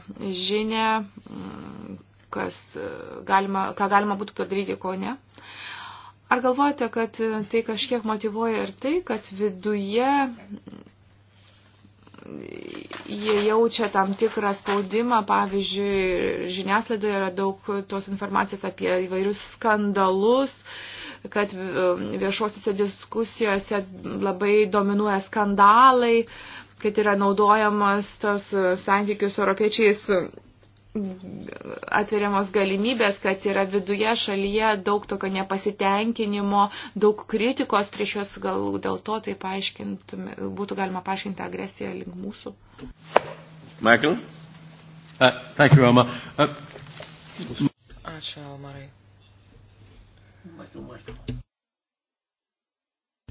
žinę, mm, kas e, galima, ką galima būtų padaryti, ko ne. Ar galvojate, kad e, tai kažkiek motivuoja ir tai, kad viduje jie jaučia tam tikrą spaudimą, pavyzdžiui, žiniaslaidoje yra daug tos informacijos apie įvairius skandalus, kad um, viešuosiuose diskusijose labai dominuoja skandalai, kad yra naudojamas tos uh, santykius europiečiais atveriamos galimybės, kad yra viduje šalyje daug tokio nepasitenkinimo, daug kritikos prieš juos, gal dėl to tai būtų galima paaiškinti agresiją link mūsų. Michael? Uh, thank you, Alma. Uh, Ačiū, Almarai. Michael, Michael.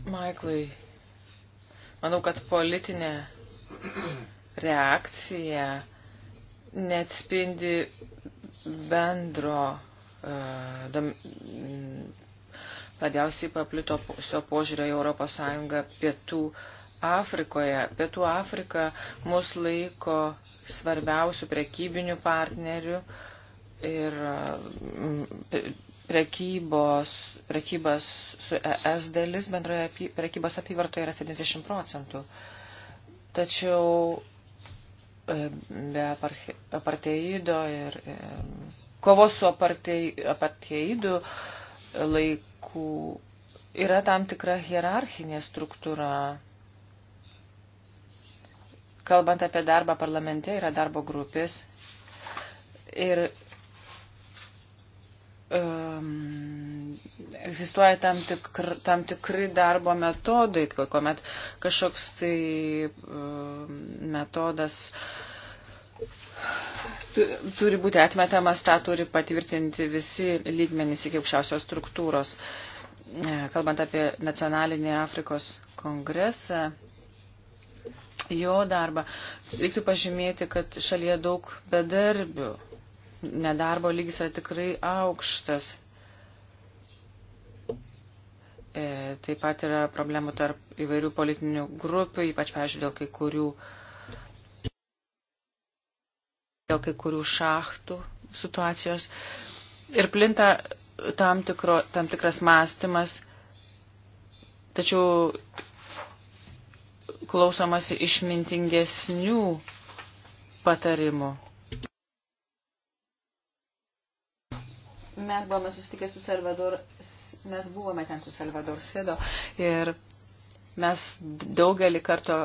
Michaelai, manau, kad politinė reakcija uh, neatspindi bendro e, labiausiai paplito šio požiūrio į ES pietų Afrikoje. Pietų Afrika mus laiko svarbiausių prekybinių partnerių ir e, prekybos, prekybos su ES dalis bendroje prekybos apyvartoje yra 70 procentų. Tačiau be aparteido ir kovos su aparteidu laikų yra tam tikra hierarchinė struktūra. Kalbant apie darbą parlamente, yra darbo grupės ir um, egzistuoja tam, tikr, tam tikri darbo metodai, kuomet kažkoks tai um, metodas turi būti atmetamas, tą turi patvirtinti visi lygmenys iki aukščiausios struktūros. E, kalbant apie nacionalinį Afrikos kongresą, jo darbą, reiktų pažymėti, kad šalyje daug bedarbių. Nedarbo lygis yra tikrai aukštas. E, taip pat yra problemų tarp įvairių politinių grupių, ypač, pavyzdžiui, dėl kai kurių, dėl kai kurių šachtų situacijos. Ir plinta tam, tikro, tam tikras mąstymas, tačiau klausomasi išmintingesnių patarimų. Mes buvome susitikę su Salvador Mes buvome ten su Salvador Sido ir mes daugelį kartų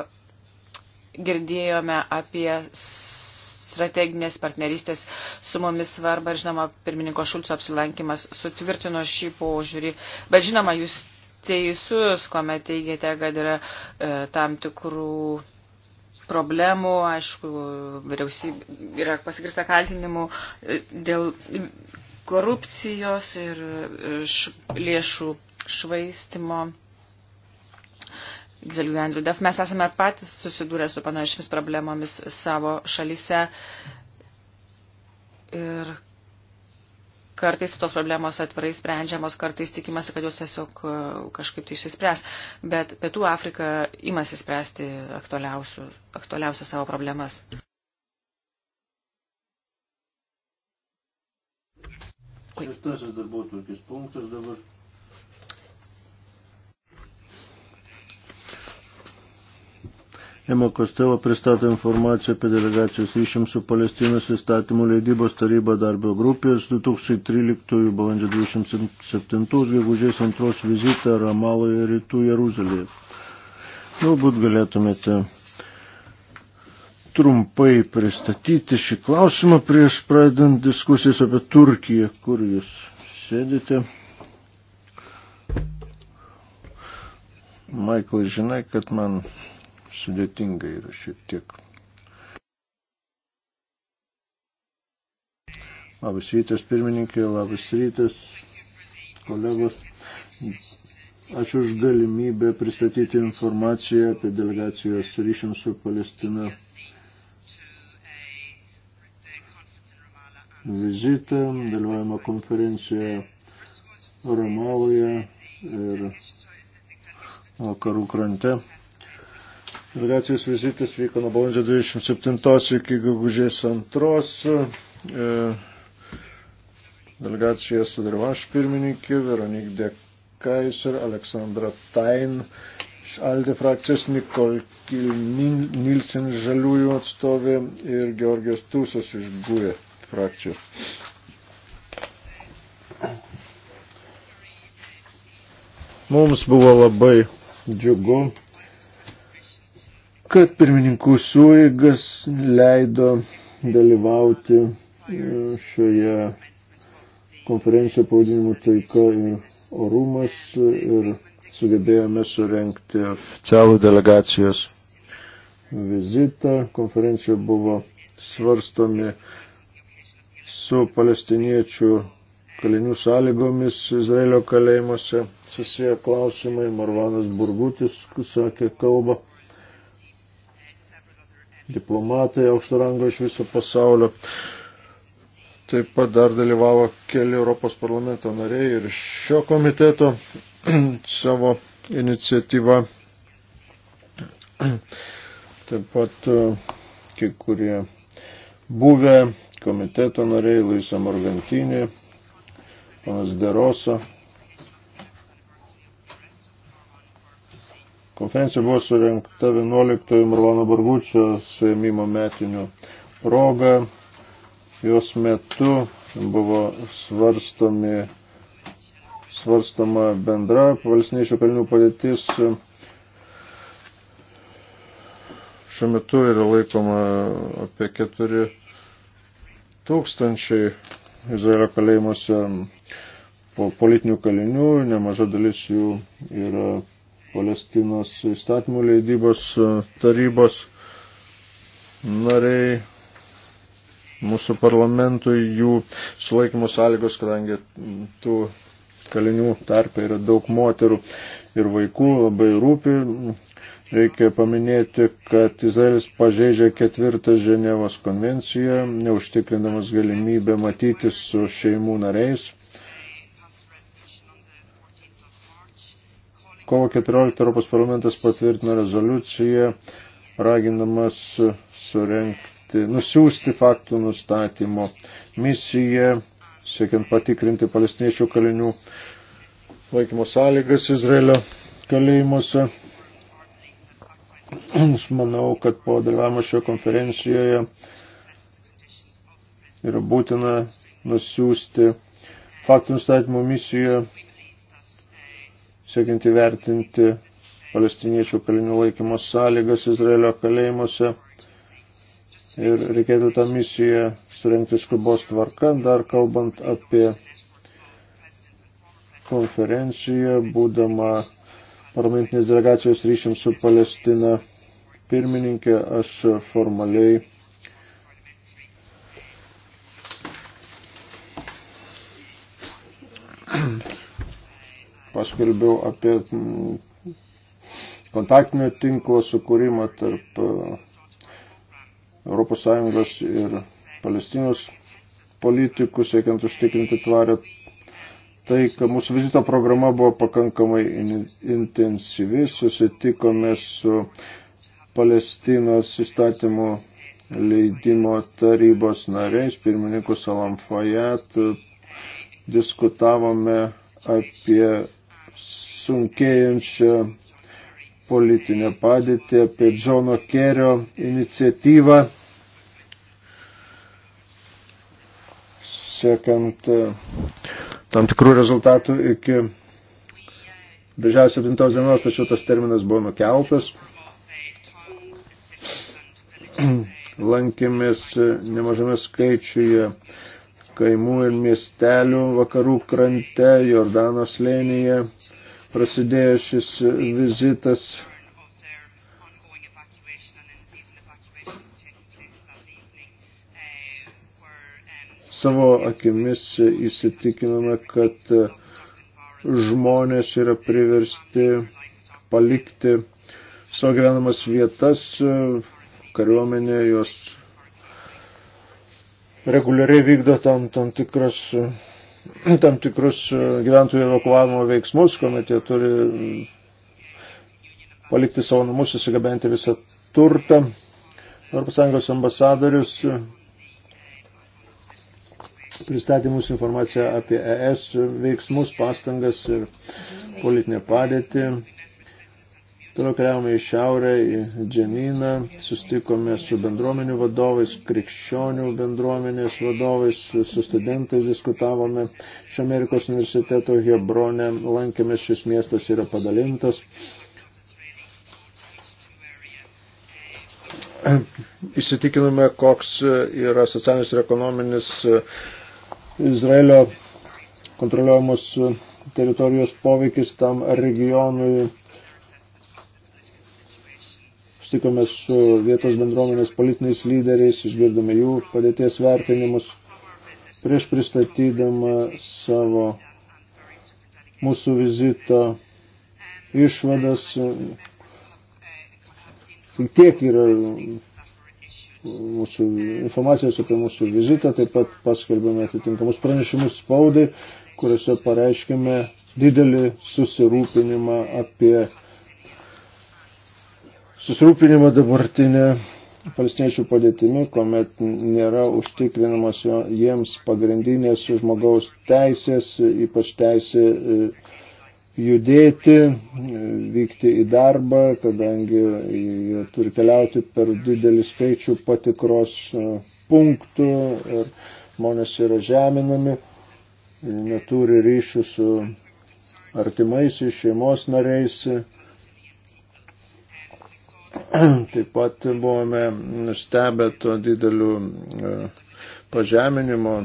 girdėjome apie strateginės partnerystės su mumis svarbą ir, žinoma, pirmininko Šulco apsilankimas sutvirtino šį požiūrį. Bet, žinoma, jūs teisus, kuomet teigiate, kad yra e, tam tikrų problemų, aišku, vyriausybė yra pasigirsta kaltinimų e, dėl korupcijos ir e, š, lėšų švaistimo. Žvelgiu, Andrew Duff, mes esame patys susidūrę su panašiamis problemomis savo šalyse ir kartais tos problemos atvarai sprendžiamos, kartais tikimasi, kad jos tiesiog e, kažkaip tai išsispręs, bet Pietų Afrika imasi spręsti aktualiausias savo problemas. Šeštasis darbotvarkės punktas dabar. Emo Kostelo pristato informaciją apie delegacijos ryšiams su Palestinos įstatymų leidybos taryba darbo grupės 2013 balandžio 27 gegužės antros vizitą Ramaloje rytų Jeruzalėje. Galbūt galėtumėte trumpai pristatyti šį klausimą prieš pradant diskusijas apie Turkiją, kur jūs sėdite. Michael, žinai, kad man sudėtinga yra šiek tiek. Labas rytas, pirmininkė, labas rytas, kolegos. Ačiū už galimybę pristatyti informaciją apie delegacijos ryšiams su Palestina vizitą, dalyvavimą konferencijoje Romaloje ir vakarų krante. Delegacijos vizitas vyko nuo balandžio 27 iki gegužės 2. E, delegacija sudarva aš pirmininkė Veronik Dekais ir Aleksandra Tain iš Aldi frakcijos Nikol Nilsen Žaliųjų atstovė ir Georgijos Tūsas iš Guvė e frakcijos. Mums buvo labai džiugu, kad pirmininkų suėgas leido dalyvauti šioje konferencijoje pavadinimu taika ir orumas ir sugebėjome surenkti oficialų delegacijos vizitą. Konferencijoje buvo svarstomi su palestiniečių kalinių sąlygomis Izraelio kalėjimuose susiję klausimai. Marvanas Burgutis sakė kalbą. Diplomatai aukšto rango iš viso pasaulio. Taip pat dar dalyvavo keli Europos parlamento nariai ir šio komiteto [clears throat] savo iniciatyva. Taip pat e, kai kurie buvę komiteto nariai Luisa Morgantinė, panas Derosa. Konferencija buvo surinkta 11 Marlano Barbučio suėmimo metinių proga. Jos metu buvo svarstomi, svarstoma bendra palestiniečių kalinių padėtis šiuo metu yra laikoma apie 4 tūkstančiai Izraelio kalėjimuose po politinių kalinių, nemaža dalis jų yra Palestinos įstatymų leidybos e, tarybos nariai mūsų parlamentui, jų sulaikymo sąlygos, kadangi tų kalinių tarpe yra daug moterų ir vaikų, labai rūpi Reikia paminėti, kad Izraelis pažeidžia ketvirtą Ženevos konvenciją, neužtikrindamas galimybę matyti su šeimų nariais. Kovo 14 Europos parlamentas patvirtino rezoliuciją, ragindamas surenkti, nusiųsti faktų nustatymo misiją, siekiant patikrinti palestiniečių kalinių laikymo sąlygas Izraelio kalėjimuose. Aš manau, kad po dalyvavimo šioje konferencijoje yra būtina nusiųsti faktų nustatymo misiją, siekiant įvertinti palestiniečių kalinių laikymo sąlygas Izraelio kalėjimuose. Ir reikėtų tą misiją surengti skubos tvarka, dar kalbant apie konferenciją, būdama parlamentinės delegacijos ryšiams su Palestina pirmininkė, aš formaliai paskelbiau apie mm, kontaktinio tinklo sukūrimą tarp ES ir Palestinos politikų, siekiant užtikrinti tvarę tai, kad mūsų vizito programa buvo pakankamai intensyvi, susitikome su Palestinos įstatymų leidimo tarybos nariais, pirmininku Salamfajat, diskutavome apie sunkėjančią politinę padėtį, apie Džono Kerio iniciatyvą, siekiant uh, tam tikrų rezultatų iki birželio 7 dienos, tačiau tas terminas buvo nukeltas. [clears throat] Lankėmės nemažame skaičiuje kaimų ir miestelių vakarų krante, Jordano slėnyje. Prasidėjo šis vizitas savo akimis įsitikinome, kad žmonės yra priversti palikti savo gyvenamas vietas, kariuomenė jos reguliariai vykdo tam, tam, tikras, tam tikrus gyventojų evakuavimo veiksmus, kuomet jie turi palikti savo namus, susigabenti visą turtą. Europos Sąjungos ambasadorius pristatė mūsų informaciją apie ES veiksmus, pastangas ir politinę padėtį. Toliau keliavome į šiaurę, į Džemyną, sustikome su bendruomenių vadovais, krikščionių bendruomenės vadovais, su studentais diskutavome. Iš Amerikos universiteto Hebronė lankėmės, šis miestas yra padalintas. Įsitikinome, koks yra socialinis ir ekonominis Izraelio kontroliuojamos e, teritorijos poveikis tam regionui. Stikome su vietos bendruomenės politiniais lyderiais, išgirdome jų padėties vertinimus. Prieš pristatydama savo mūsų vizito išvadas, e, tiek yra mūsų informacijos apie mūsų vizitą, taip pat paskelbėme atitinkamus pranešimus spaudai, kuriuose pareiškime didelį susirūpinimą apie susirūpinimą dabartinę palestiniečių padėtimi, kuomet nėra užtikrinamos jiems pagrindinės žmogaus teisės, ypač teisė e, judėti, vykti į darbą, kadangi jie turi keliauti per didelį skaičių patikros e, punktų ir žmonės yra žeminami, neturi ryšių su artimais, šeimos nariais. [clears throat] Taip pat buvome nustebę tuo dideliu e, pažeminimo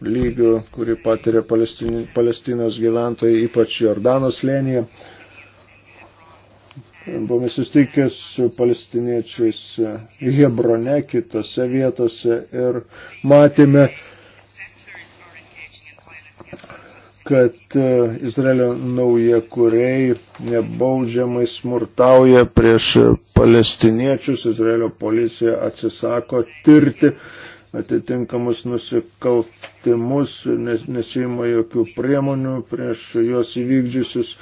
lygių, kurį patiria Palestinos gyventojai, ypač Jordanos lėnyje. Buvome susitikę su palestiniečiais Hebrone, kitose vietose ir matėme, kad e, Izraelio naujakuriai nebaudžiamai smurtauja prieš palestiniečius, Izraelio policija atsisako tirti atitinkamus nusikaltimus, nes, nesima jokių priemonių prieš juos įvykdžiusius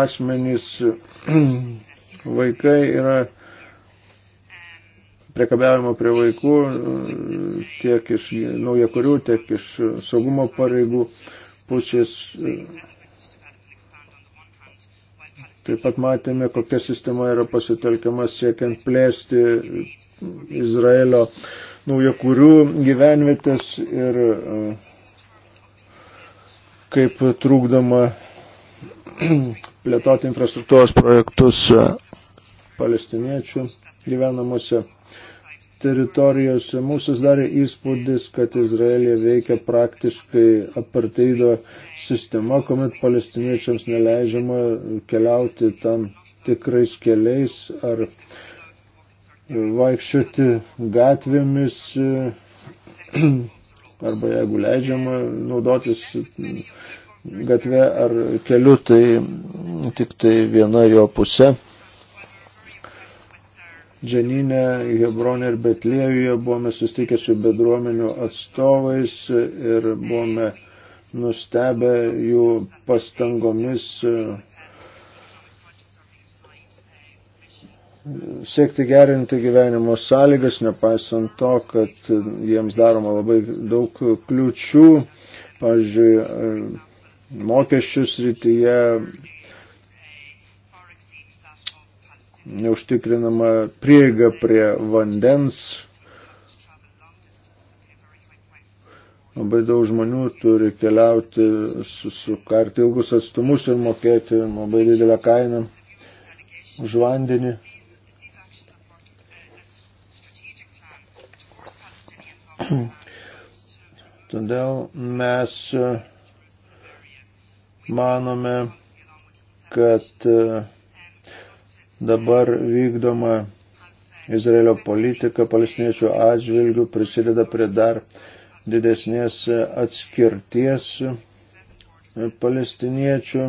asmenys. [clears throat] Vaikai yra priekabiavimo prie vaikų tiek iš naujakurių, tiek iš saugumo pareigų pusės. Taip pat matėme, kokia sistema yra pasitelkiama siekiant plėsti Izraelio uh, naujakurių gyvenvietės ir e, kaip trūkdama [clears throat] plėtoti infrastruktūros projektus e, palestiniečių gyvenamuose teritorijose. Mūsų sudarė įspūdis, kad Izraelija veikia praktiškai aparteido sistema, kuomet palestiniečiams neleidžiama keliauti tam tikrais keliais ar uh, vaikščioti gatvėmis [clears throat] arba jeigu leidžiama naudotis gatve ar keliu, tai tik tai viena jo pusė. Dženinė, Hebronė ir Betlėjuje buvome susitikę su bedruomenių atstovais ir buvome nustebę jų pastangomis siekti gerinti gyvenimo sąlygas, nepaisant to, kad jiems daroma labai daug kliučių, pavyzdžiui, mokesčių srityje neužtikrinama prieiga prie vandens. Labai daug žmonių turi keliauti, susukarti ilgus atstumus ir mokėti labai didelę kainą už vandenį. Todėl mes e, manome, kad e, dabar vykdoma Izraelio politika palestiniečių atžvilgių prisideda prie dar didesnės e, atskirties palestiniečių.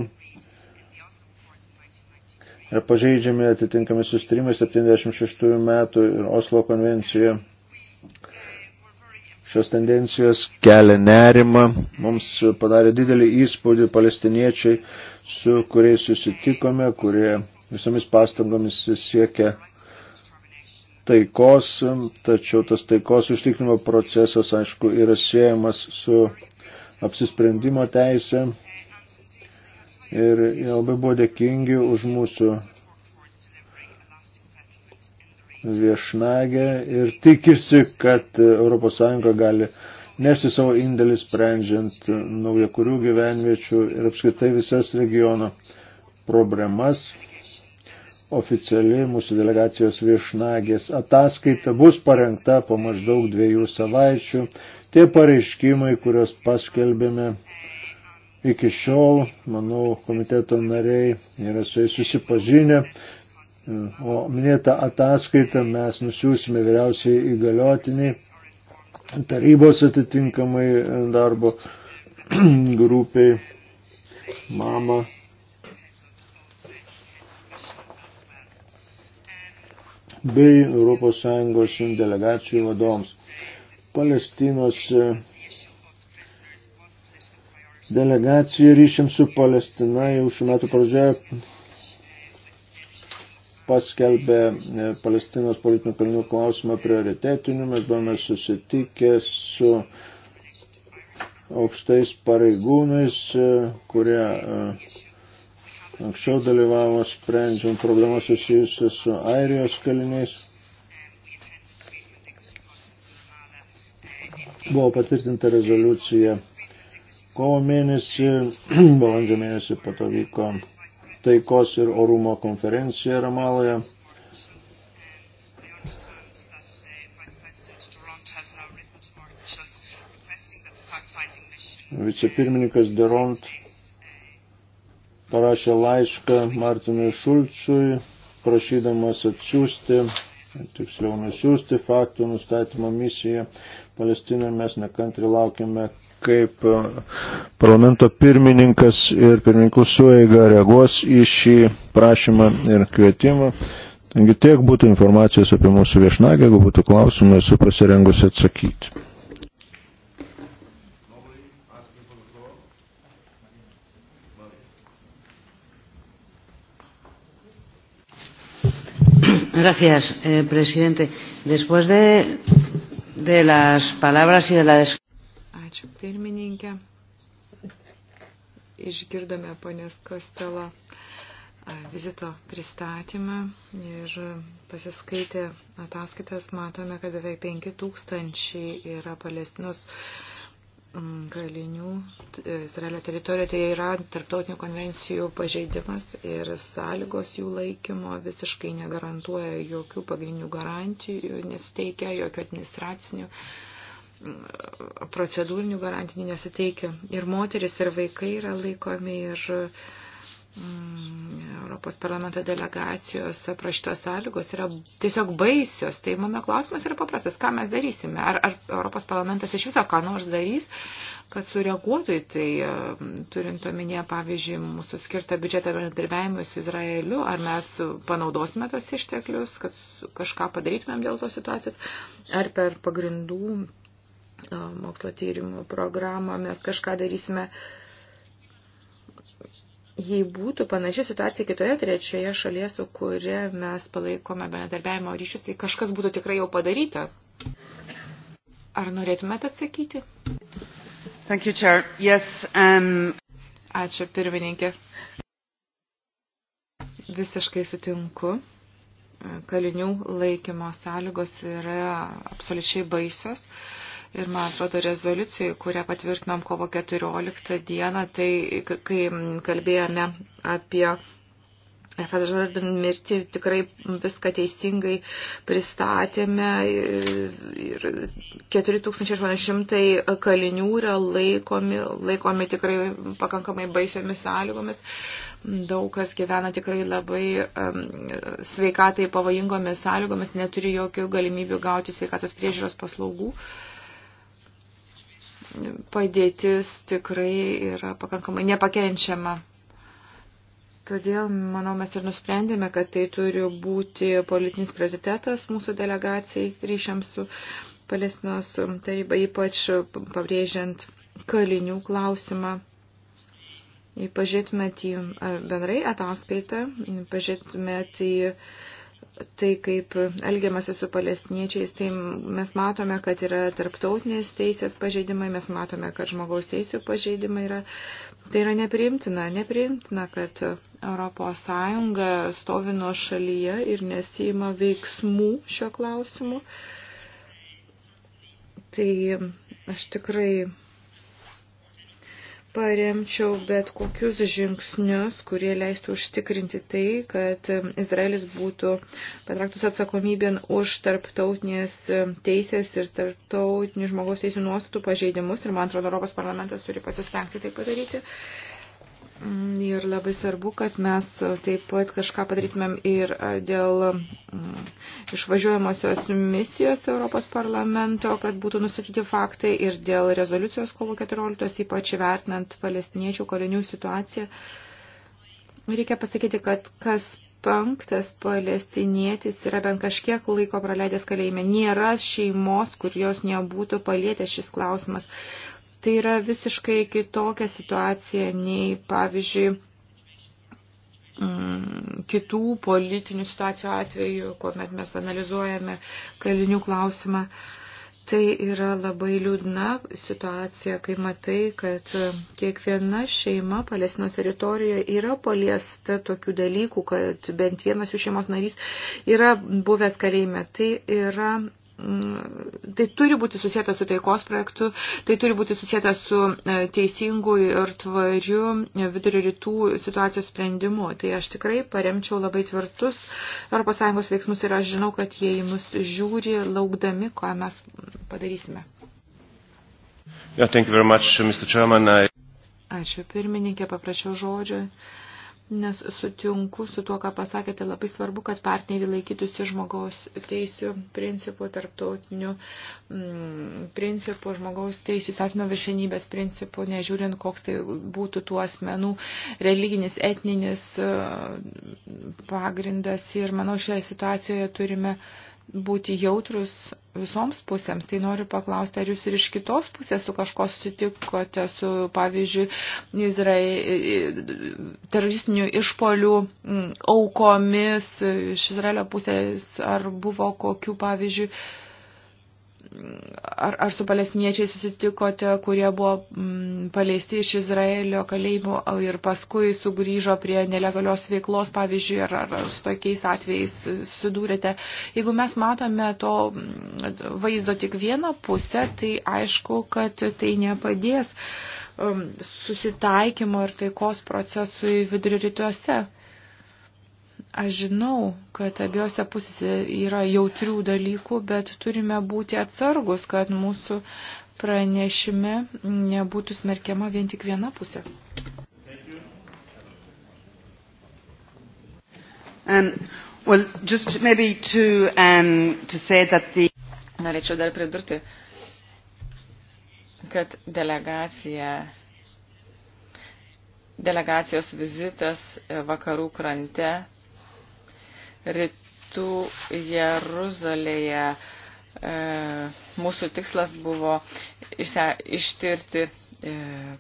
Yra pažeidžiami atitinkami sustarimai 76 metų ir Oslo konvencija Šios tendencijos kelia nerima. Mums padarė didelį įspūdį palestiniečiai, su kuriais susitikome, kurie visomis pastangomis siekia taikos, tačiau tas taikos užtikrimo procesas, aišku, yra siejamas su apsisprendimo teisė. Ir labai buvo dėkingi už mūsų viešnagę ir tikisi, kad ES gali nešti savo indėlį sprendžiant naujakurių gyvenviečių ir apskritai visas regiono problemas. Oficiali mūsų delegacijos viešnagės ataskaita bus parengta po maždaug dviejų savaičių. Tie pareiškimai, kuriuos paskelbėme iki šiol, manau, komiteto nariai yra su jais susipažinę, O minėtą ataskaitą mes nusiūsime vyriausiai įgaliotiniai tarybos atitinkamai darbo [clears throat] grupiai mama. bei ES delegacijų vadovams. Palestinos e, delegacija ryšiam su Palestina jau šių metų pradžioje paskelbė e, Palestinos politinių kalinių klausimą prioritetiniu. Mes buvome susitikę su aukštais pareigūnais, e, kurie e, anksčiau dalyvavo sprendžiant problemas susijusias su Airijos kaliniais. Buvo patvirtinta rezoliucija kovo mėnesį, [clears throat] balandžio mėnesį po to vyko taikos ir orumo konferencija Ramaloje. Vicepirmininkas Deront parašė laišką Martinui Šulcui, prašydamas atsiųsti tiksliau nusiųsti faktų nustatymo misiją Palestinoje. Mes nekantri laukiame, kaip e, parlamento pirmininkas ir pirmininkų sueiga reaguos į šį prašymą ir kvietimą. Taigi tiek būtų informacijos apie mūsų viešnagę, jeigu būtų klausimų, esu pasirengusi atsakyti. Gracias, eh, presidente. Después de, de las palabras y de la Ačiū, pirmininkė. Išgirdome ponės Kostelo vizito pristatymą ir pasiskaitę ataskaitas matome, kad beveik 5 tūkstančiai yra Palestinos uh, kalinių e, Izraelio teritorijoje, tai yra tarptautinių konvencijų pažeidimas ir sąlygos jų laikymo visiškai negarantuoja jokių pagrindinių garantijų, nesuteikia jokių administracinių procedūrinių garantijų nesuteikia. Ir moteris, ir vaikai yra laikomi ir Mm, Europos parlamento delegacijos aprašytos sąlygos yra tiesiog baisios. Tai mano klausimas yra paprastas, ką mes darysime. Ar, ar Europos parlamentas iš viso ką nors darys, kad sureaguotų į tai, turint omenyje, pavyzdžiui, mūsų skirtą biudžetą bendradarbiavimui su Izraeliu, ar mes panaudosime tos išteklius, kad kažką padarytumėm dėl tos situacijos, ar per pagrindų mokslo tyrimų programą mes kažką darysime. Uh, jei būtų panaši situacija kitoje trečioje šalyje, su kuria mes palaikome bendradarbiavimo ryšius, tai kažkas būtų tikrai jau padaryta. Ar norėtumėte atsakyti? Thank you, Chair. Yes, um... Ačiū, pirmininkė. Visiškai sutinku. Kalinių laikymo sąlygos yra absoliučiai baisios. Uh, Ir man atrodo, rezoliucijai, kurią patvirtinom kovo 14 dieną, tai kai kalbėjome apie Efas Žordan mirtį tikrai viską teisingai pristatėme ir 4800 kalinių yra laikomi, laikomi tikrai pakankamai baisiomis sąlygomis. Daug kas gyvena tikrai labai um, sveikatai pavojingomis sąlygomis, neturi jokių galimybių gauti sveikatos priežiūros paslaugų. Uh, padėtis tikrai yra pakankamai nepakenčiama. Todėl, manau, mes ir nusprendėme, kad tai turi būti politinis prioritetas mūsų delegacijai ryšiams su Palestinos taryba, ypač pabrėžiant kalinių klausimą. Jei pažiūrėtumėt į bendrai ataskaitą, pažiūrėtumėt į. Tai tai, kaip elgiamasi su palestiniečiais, tai mes matome, kad yra tarptautinės teisės pažeidimai, mes matome, kad žmogaus teisų pažeidimai yra. Tai yra nepriimtina, nepriimtina, kad ES stovi nuo šalyje ir nesijima veiksmų šio klausimu. Tai aš tikrai paremčiau bet kokius žingsnius, kurie leistų užtikrinti tai, kad Izraelis būtų patraktus atsakomybėn už tarptautinės teisės ir tarptautinių žmogaus teisų nuostatų pažeidimus. Ir man atrodo, Europos parlamentas turi pasistengti tai padaryti. Mm, ir labai svarbu, kad mes taip pat kažką padarytumėm ir dėl mm, išvažiuojamosios misijos Europos parlamento, kad būtų nusatyti faktai ir dėl rezoliucijos kovo 14, ypač vertinant palestiniečių kalinių situaciją. Reikia pasakyti, kad kas penktas palestinietis yra bent kažkiek laiko praleidęs kalėjime. Nėra šeimos, kur jos nebūtų palietęs šis klausimas. Tai yra visiškai kitokia situacija nei, pavyzdžiui, mm, kitų politinių situacijų atveju, kuomet mes analizuojame kalinių klausimą. Tai yra labai liūdna situacija, kai matai, kad kiekviena šeima Palestinos teritorijoje yra paliesta tokių dalykų, kad bent vienas jų šeimos narys yra buvęs kalėjime. Tai yra Mm, tai turi būti susijęta su taikos projektu, tai turi būti susijęta su e, teisingu ir tvariu vidurio rytų situacijos sprendimu. Tai aš tikrai paremčiau labai tvirtus ES veiksmus ir aš žinau, kad jie į mus žiūri laukdami, ką mes padarysime. Yeah, thank you very much, Mr. Chairman. I... Ačiū pirmininkė, paprašiau žodžio. Uh, nes sutinku su tuo, ką pasakėte, labai svarbu, kad partneriai laikytųsi žmogaus teisų principų, tarptautinių mm, principų, žmogaus teisų, įsakymo viršenybės principų, nežiūrint, koks tai būtų tų asmenų religinis, etninis e, pagrindas. Ir manau, šioje situacijoje turime. Uh, būti jautrus visoms pusėms. Tai noriu paklausti, ar jūs ir iš kitos pusės su kažko sutikote, su, pavyzdžiui, Izrael, teroristinių išpolių mm, aukomis iš Izraelio pusės, ar buvo kokių, pavyzdžiui, ar, ar su palestiniečiais susitikote, kurie buvo m, mm, paleisti iš Izraelio kalėjimo ir paskui sugrįžo prie nelegalios veiklos, pavyzdžiui, ar, ar, ar su tokiais atvejais sudūrėte. Jeigu mes matome to mm, vaizdo tik vieną pusę, tai aišku, kad tai nepadės um, susitaikymo ir taikos procesui vidurio rytuose. Aš žinau, kad abiejose pusėse yra jautrių dalykų, bet turime būti atsargus, kad mūsų pranešime nebūtų smerkiama vien tik viena pusė. Um, well, just maybe to, um, to say that the... Norėčiau dar pridurti, kad delegacija, delegacijos vizitas vakarų krante rytų Jeruzalėje. E, mūsų tikslas buvo išse, ištirti e,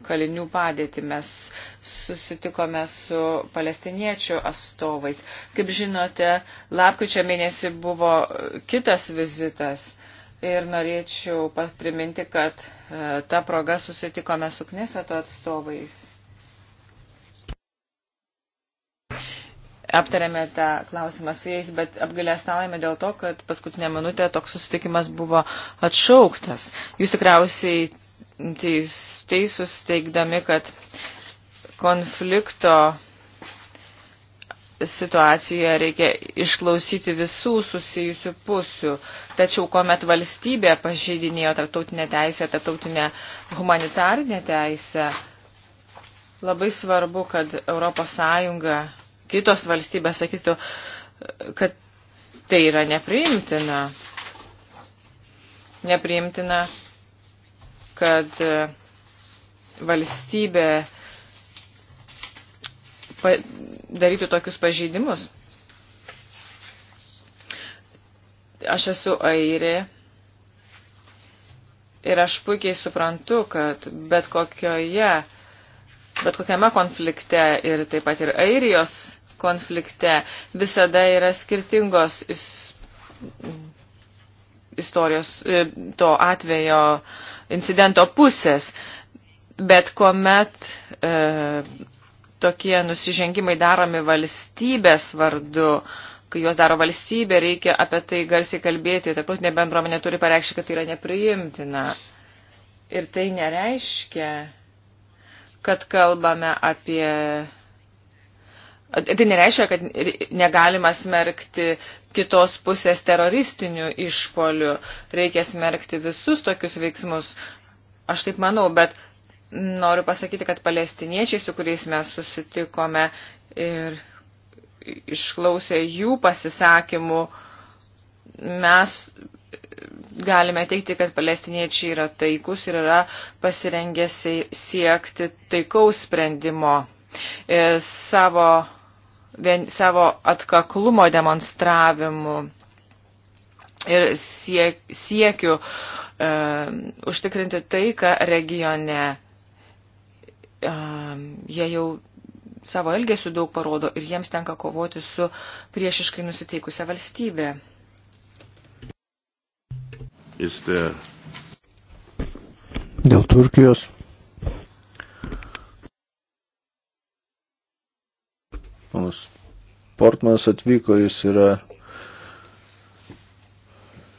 kalinių padėtį. Mes susitikome su palestiniečių atstovais. Kaip žinote, lapkričio mėnesį buvo kitas vizitas ir norėčiau priminti, kad e, tą progą susitikome su Kneseto atstovais. aptarėme tą klausimą su jais, bet apgalėstaujame dėl to, kad paskutinę minutę toks susitikimas buvo atšauktas. Jūs tikriausiai teis, teisus teikdami, kad konflikto situacijoje reikia išklausyti visų susijusių pusių. Tačiau, kuomet valstybė pažeidinėjo tarptautinę teisę, tarptautinę humanitarinę teisę, labai svarbu, kad ES kitos valstybės sakytų, kad tai yra nepriimtina. Nepriimtina, kad e, valstybė darytų tokius pažeidimus. Aš esu airė ir aš puikiai suprantu, kad bet kokioje, bet kokiame konflikte ir taip pat ir airijos konflikte. Visada yra skirtingos is, istorijos e, to atvejo incidento pusės, bet kuomet e, tokie nusižengimai daromi valstybės vardu, kai juos daro valstybė, reikia apie tai garsiai kalbėti, tarptautinė bendruomenė turi pareikšti, kad tai yra nepriimtina. Ir tai nereiškia, kad kalbame apie Tai nereiškia, kad negalima smerkti kitos pusės teroristinių išpolių. Reikia smerkti visus tokius veiksmus. Aš taip manau, bet noriu pasakyti, kad palestiniečiai, su kuriais mes susitikome ir išklausę jų pasisakymų, mes galime teikti, kad palestiniečiai yra taikus ir yra pasirengę siekti taikaus sprendimo e, savo vien savo atkaklumo demonstravimu ir siek, siekiu e, užtikrinti taiką regione. E, jie jau savo elgesių daug parodo ir jiems tenka kovoti su priešiškai nusiteikusią valstybę. Dėl Turkijos Ponas Portmanas atvyko, jis yra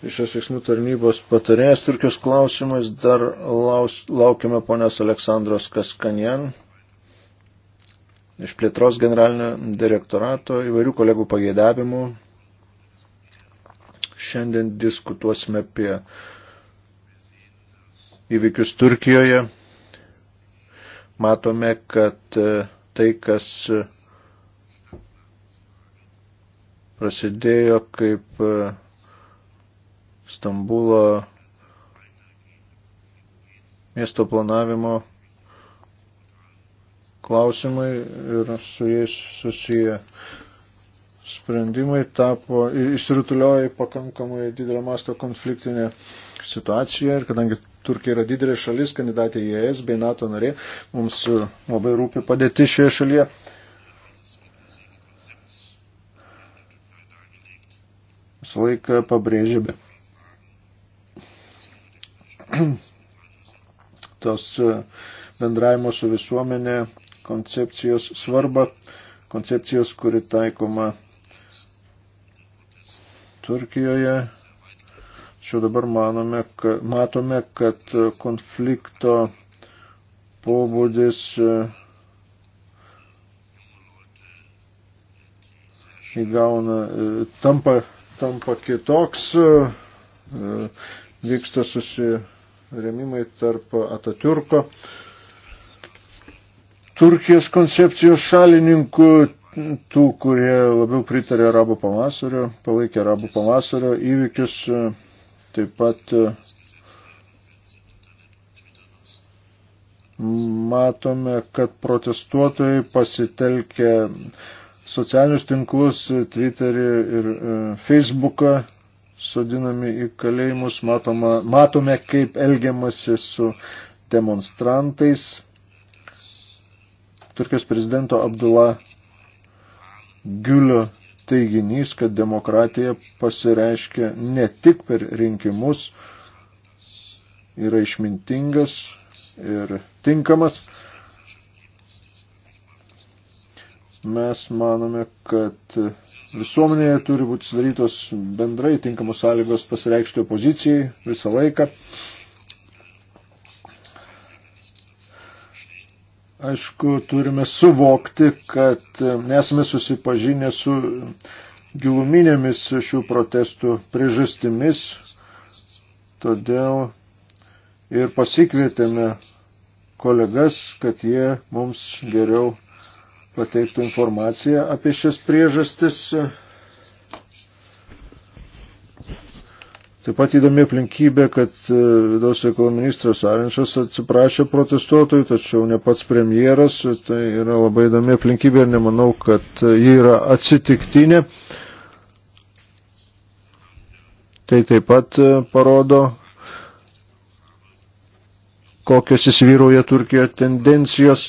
iš esveiksmų tarnybos patarėjas Turkijos klausimais. Dar laus, laukiame ponios Aleksandros Kaskanien iš plėtros generalinio direktorato įvairių kolegų pageidavimų. Šiandien diskutuosime apie įvykius Turkijoje. Matome, kad e, tai, kas prasidėjo kaip e, Stambulo miesto planavimo klausimai ir su jais susiję sprendimai tapo, išsirutuliojo pakankamai didelio masto konfliktinė situacija ir kadangi Turkija yra didelė šalis, kandidatė į ES bei NATO narė, mums e, labai rūpi padėti šioje šalyje. visą laiką pabrėžėme [clears throat] tos e, bendravimo su visuomenė koncepcijos svarbą, koncepcijos, kuri taikoma Turkijoje. Šiuo dabar manome, kad, matome, kad konflikto pobūdis e, įgauna, e, tampa tampa kitoks, e, vyksta susiremimai tarp Atatiurko, Turkijos koncepcijos šalininkų, tų, kurie labiau pritarė arabų pavasario, palaikė arabų pavasario įvykius, e, taip pat e, matome, kad protestuotojai pasitelkė socialinius tinklus, Twitterį ir e, Facebooką sodinami į kalėjimus, matoma, matome, kaip elgiamasi su demonstrantais. Turkijos prezidento Abdullah Gülio teiginys, kad demokratija pasireiškia ne tik per rinkimus, yra išmintingas ir tinkamas. mes manome, kad visuomenėje turi būti sudarytos bendrai tinkamos sąlygos pasireikšti opozicijai visą laiką. Aišku, turime suvokti, kad nesame susipažinę su giluminėmis šių protestų priežastimis, todėl ir pasikvietėme kolegas, kad jie mums geriau pateiktų informaciją apie šias priežastis. Taip pat įdomi aplinkybė, kad e, vidaus reikalų ministras Arinšas atsiprašė protestuotojų, tačiau ne pats premjeras. Tai yra labai įdomi aplinkybė ir nemanau, kad ji yra atsitiktinė. Tai taip pat e, parodo, kokios įsivyrauja Turkijoje tendencijos.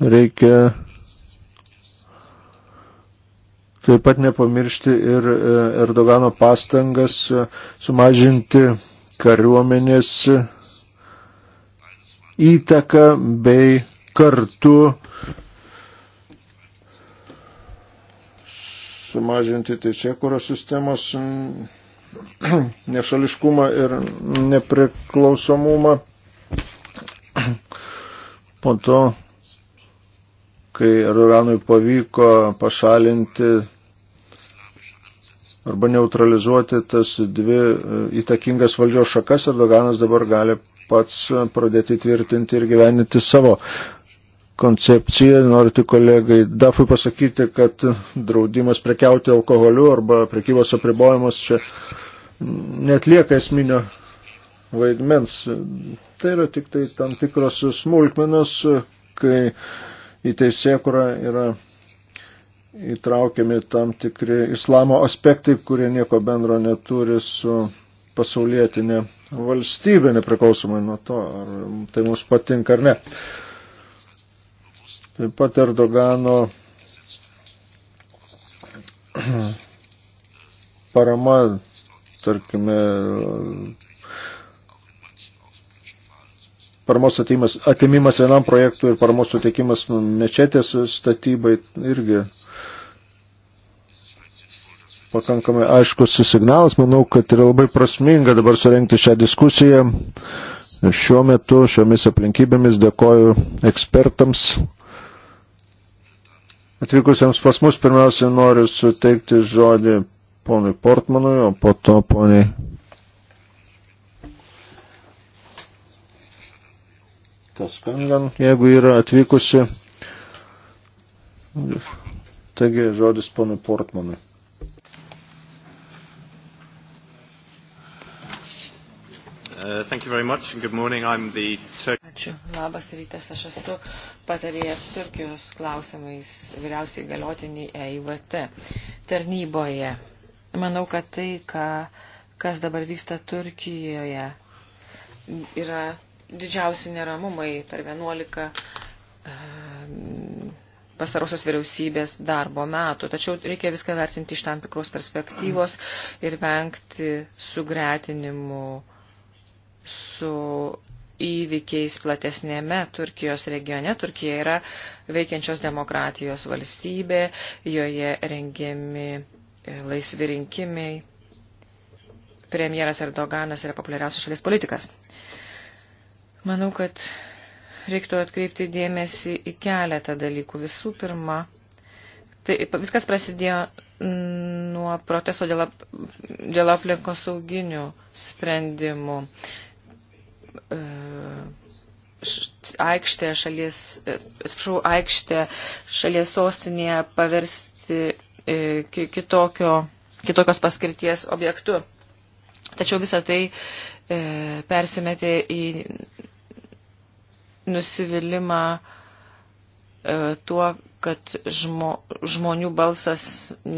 Reikia taip pat nepamiršti ir e, Erdogano pastangas e, sumažinti kariuomenės įtaką bei kartu sumažinti teisėkūros sistemos [clears throat] nešališkumą ir nepriklausomumą. [clears throat] Po to kai Erdoganui pavyko pašalinti arba neutralizuoti tas dvi e, įtakingas valdžios šakas, Erdoganas dabar gali pats e, pradėti tvirtinti ir gyveninti savo koncepciją. Noriu tik kolegai Dafui pasakyti, kad draudimas prekiauti alkoholiu arba prekybos apribojimas čia netlieka esminio vaidmens. Tai yra tik tai tam tikros smulkmenos, kai į teisėkurą yra įtraukiami tam tikri islamo aspektai, kurie nieko bendro neturi su pasaulietinė valstybė, nepriklausomai nuo to, ar tai mums patinka ar ne. Taip pat Erdogano [clears throat] parama, tarkime, paramos atimas, atimimas vienam projektui ir paramos suteikimas nu, mečetės statybai irgi pakankamai aiškus signalas. Manau, kad yra labai prasminga dabar surenkti šią diskusiją. Šiuo metu, šiomis aplinkybėmis dėkoju ekspertams. Atvykusiems pas mus pirmiausia noriu suteikti žodį ponui Portmanui, o po to poniai Kaskangan, jeigu yra atvykusi. Taigi žodis ponui Portmanui. Uh, thank you very much and good morning. I'm the Ačiū. Labas rytas. Aš esu patarėjęs Turkijos klausimais vyriausiai galiotinį EIVT tarnyboje. Manau, kad tai, ką, kas dabar vyksta Turkijoje, yra didžiausi neramumai per 11 e, pastarosios vyriausybės darbo metų. Tačiau reikia viską vertinti iš tam tikros perspektyvos ir vengti sugretinimų su įvykiais platesnėme Turkijos regione. Turkija yra veikiančios demokratijos valstybė, joje rengiami e, laisvi rinkimai. Premjeras Erdoganas yra populiariausias šalies politikas. Manau, kad reiktų atkreipti dėmesį į keletą dalykų. Visų pirma, tai viskas prasidėjo nuo protesto dėl, ap, dėl aplinkos sauginių sprendimų. E, aikštė šalies, e, atsiprašau, aikštė šalies sostinėje paversti e, kitokio, kitokios paskirties objektu. Tačiau visą tai E, persimetė į nusivylimą e, tuo, kad žmo, žmonių balsas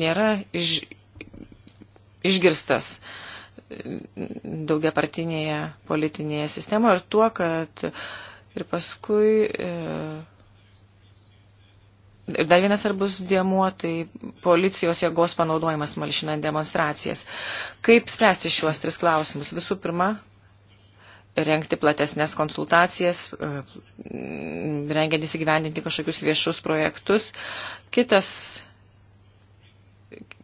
nėra iš, išgirstas daugiapartinėje politinėje sistemoje ir tuo, kad ir paskui e, Dar vienas svarbus dėmuo tai policijos jėgos panaudojimas malšinant demonstracijas. Kaip spręsti šiuos tris klausimus? Visų pirma, rengti platesnės konsultacijas, mm, rengiantis įgyvendinti kažkokius viešus projektus. Kitas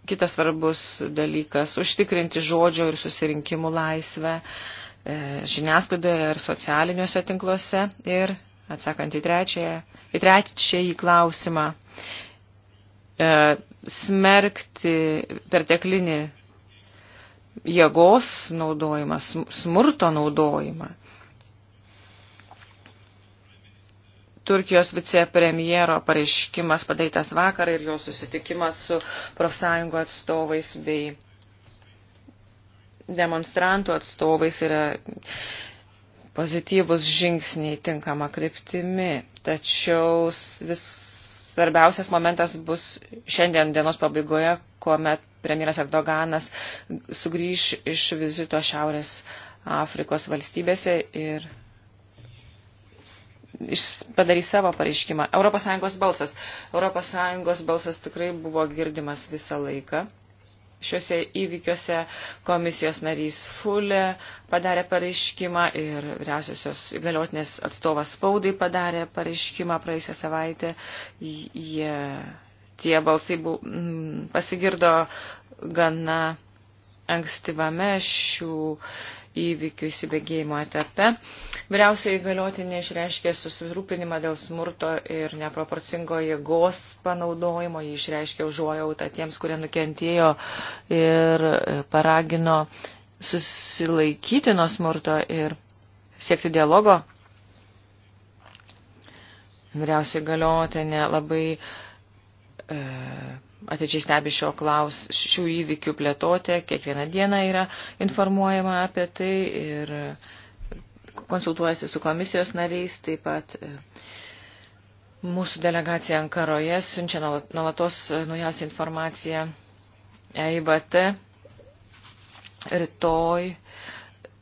kitas svarbus dalykas - užtikrinti žodžio ir susirinkimų laisvę e, žiniasklaidoje ir socialiniuose tinkluose ir atsakant į trečiąją, į trečiąjį klausimą, e, smerkti perteklinį jėgos naudojimą, smurto naudojimą. Turkijos vicepremjero pareiškimas padarytas vakar ir jo susitikimas su profsąjungo atstovais bei demonstrantų atstovais yra pozityvus žingsniai tinkama kryptimi, tačiau vis svarbiausias momentas bus šiandien dienos pabaigoje, kuomet premjeras Erdoganas sugrįž iš vizito Šiaurės Afrikos valstybėse ir padarys savo pareiškimą. ES balsas. ES balsas tikrai buvo girdimas visą laiką šiuose įvykiuose. Komisijos narys Fulė padarė pareiškimą ir vyriausiosios įgaliotinės atstovas spaudai padarė pareiškimą praėjusią savaitę. Jie, tie balsai bu, m, mm, pasigirdo gana ankstyvame šių įvykių įsibėgėjimo etape. Vyriausiai įgaliotinė išreiškė susirūpinimą dėl smurto ir neproporcingo jėgos panaudojimo, jį išreiškė užuojautą tiems, kurie nukentėjo ir paragino susilaikyti nuo smurto ir siekti dialogo. Vyriausiai galiotinė labai e, atidžiai stebi šio klaus, šių įvykių plėtotė, kiekvieną dieną yra informuojama apie tai ir konsultuojasi su komisijos nariais, taip pat e, mūsų delegacija Ankaroje siunčia nuolatos e, naujausią informaciją EIBT. Rytoj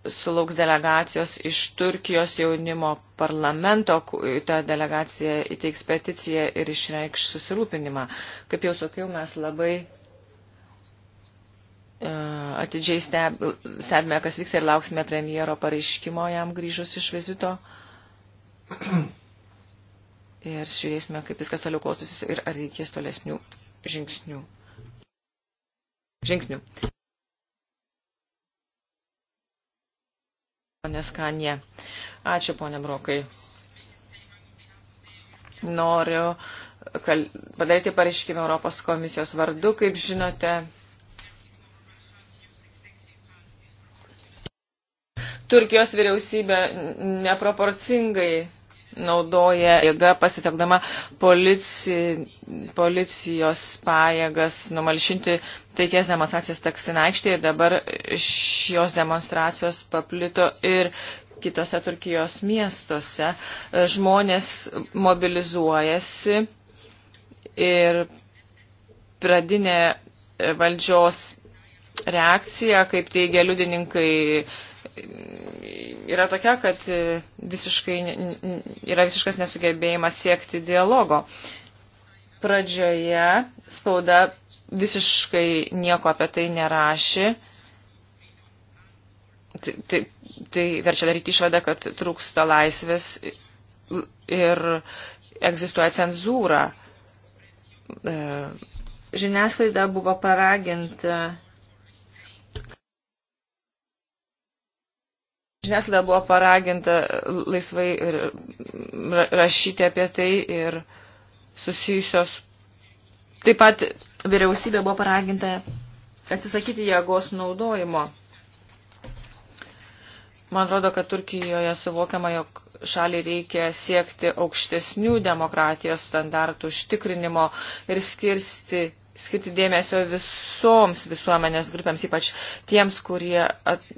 sulauks delegacijos iš Turkijos jaunimo parlamento, ta delegacija įteiks peticiją ir išreikš susirūpinimą. Kaip jau sakiau, mes labai e, atidžiai stebime, kas vyks ir lauksime premjero pareiškimo jam grįžus iš vizito. Ir žiūrėsime, kaip viskas toliau klostysis ir ar reikės tolesnių žingsnių. žingsnių. ponės Kanė. Ačiū, ponė Brokai. Noriu kal... padaryti pareiškimą Europos komisijos vardu, kaip žinote. Turkijos vyriausybė neproporcingai naudoja jėga pasitekdama polici, policijos pajėgas numalšinti taikės demonstracijas Taksinaištėje ir dabar šios demonstracijos paplito ir kitose Turkijos miestuose. Žmonės mobilizuojasi ir pradinė valdžios reakcija, kaip teigia liudininkai, yra tokia, kad visiškai, yra visiškas nesugebėjimas siekti dialogo. Pradžioje spauda visiškai nieko apie tai nerašė. Tai, tai, tai verčia daryti išvadą, kad trūksta laisvės ir egzistuoja cenzūra. E, žiniasklaida buvo paraginta Žiniasklaida buvo paraginta laisvai rašyti apie tai ir susijusios. Taip pat vyriausybė buvo paraginta atsisakyti jėgos naudojimo. Man atrodo, kad Turkijoje suvokiama, jog šaliai reikia siekti aukštesnių demokratijos standartų užtikrinimo ir skirsti, skirti dėmesio visoms visuomenės grupėms, ypač tiems, kurie at,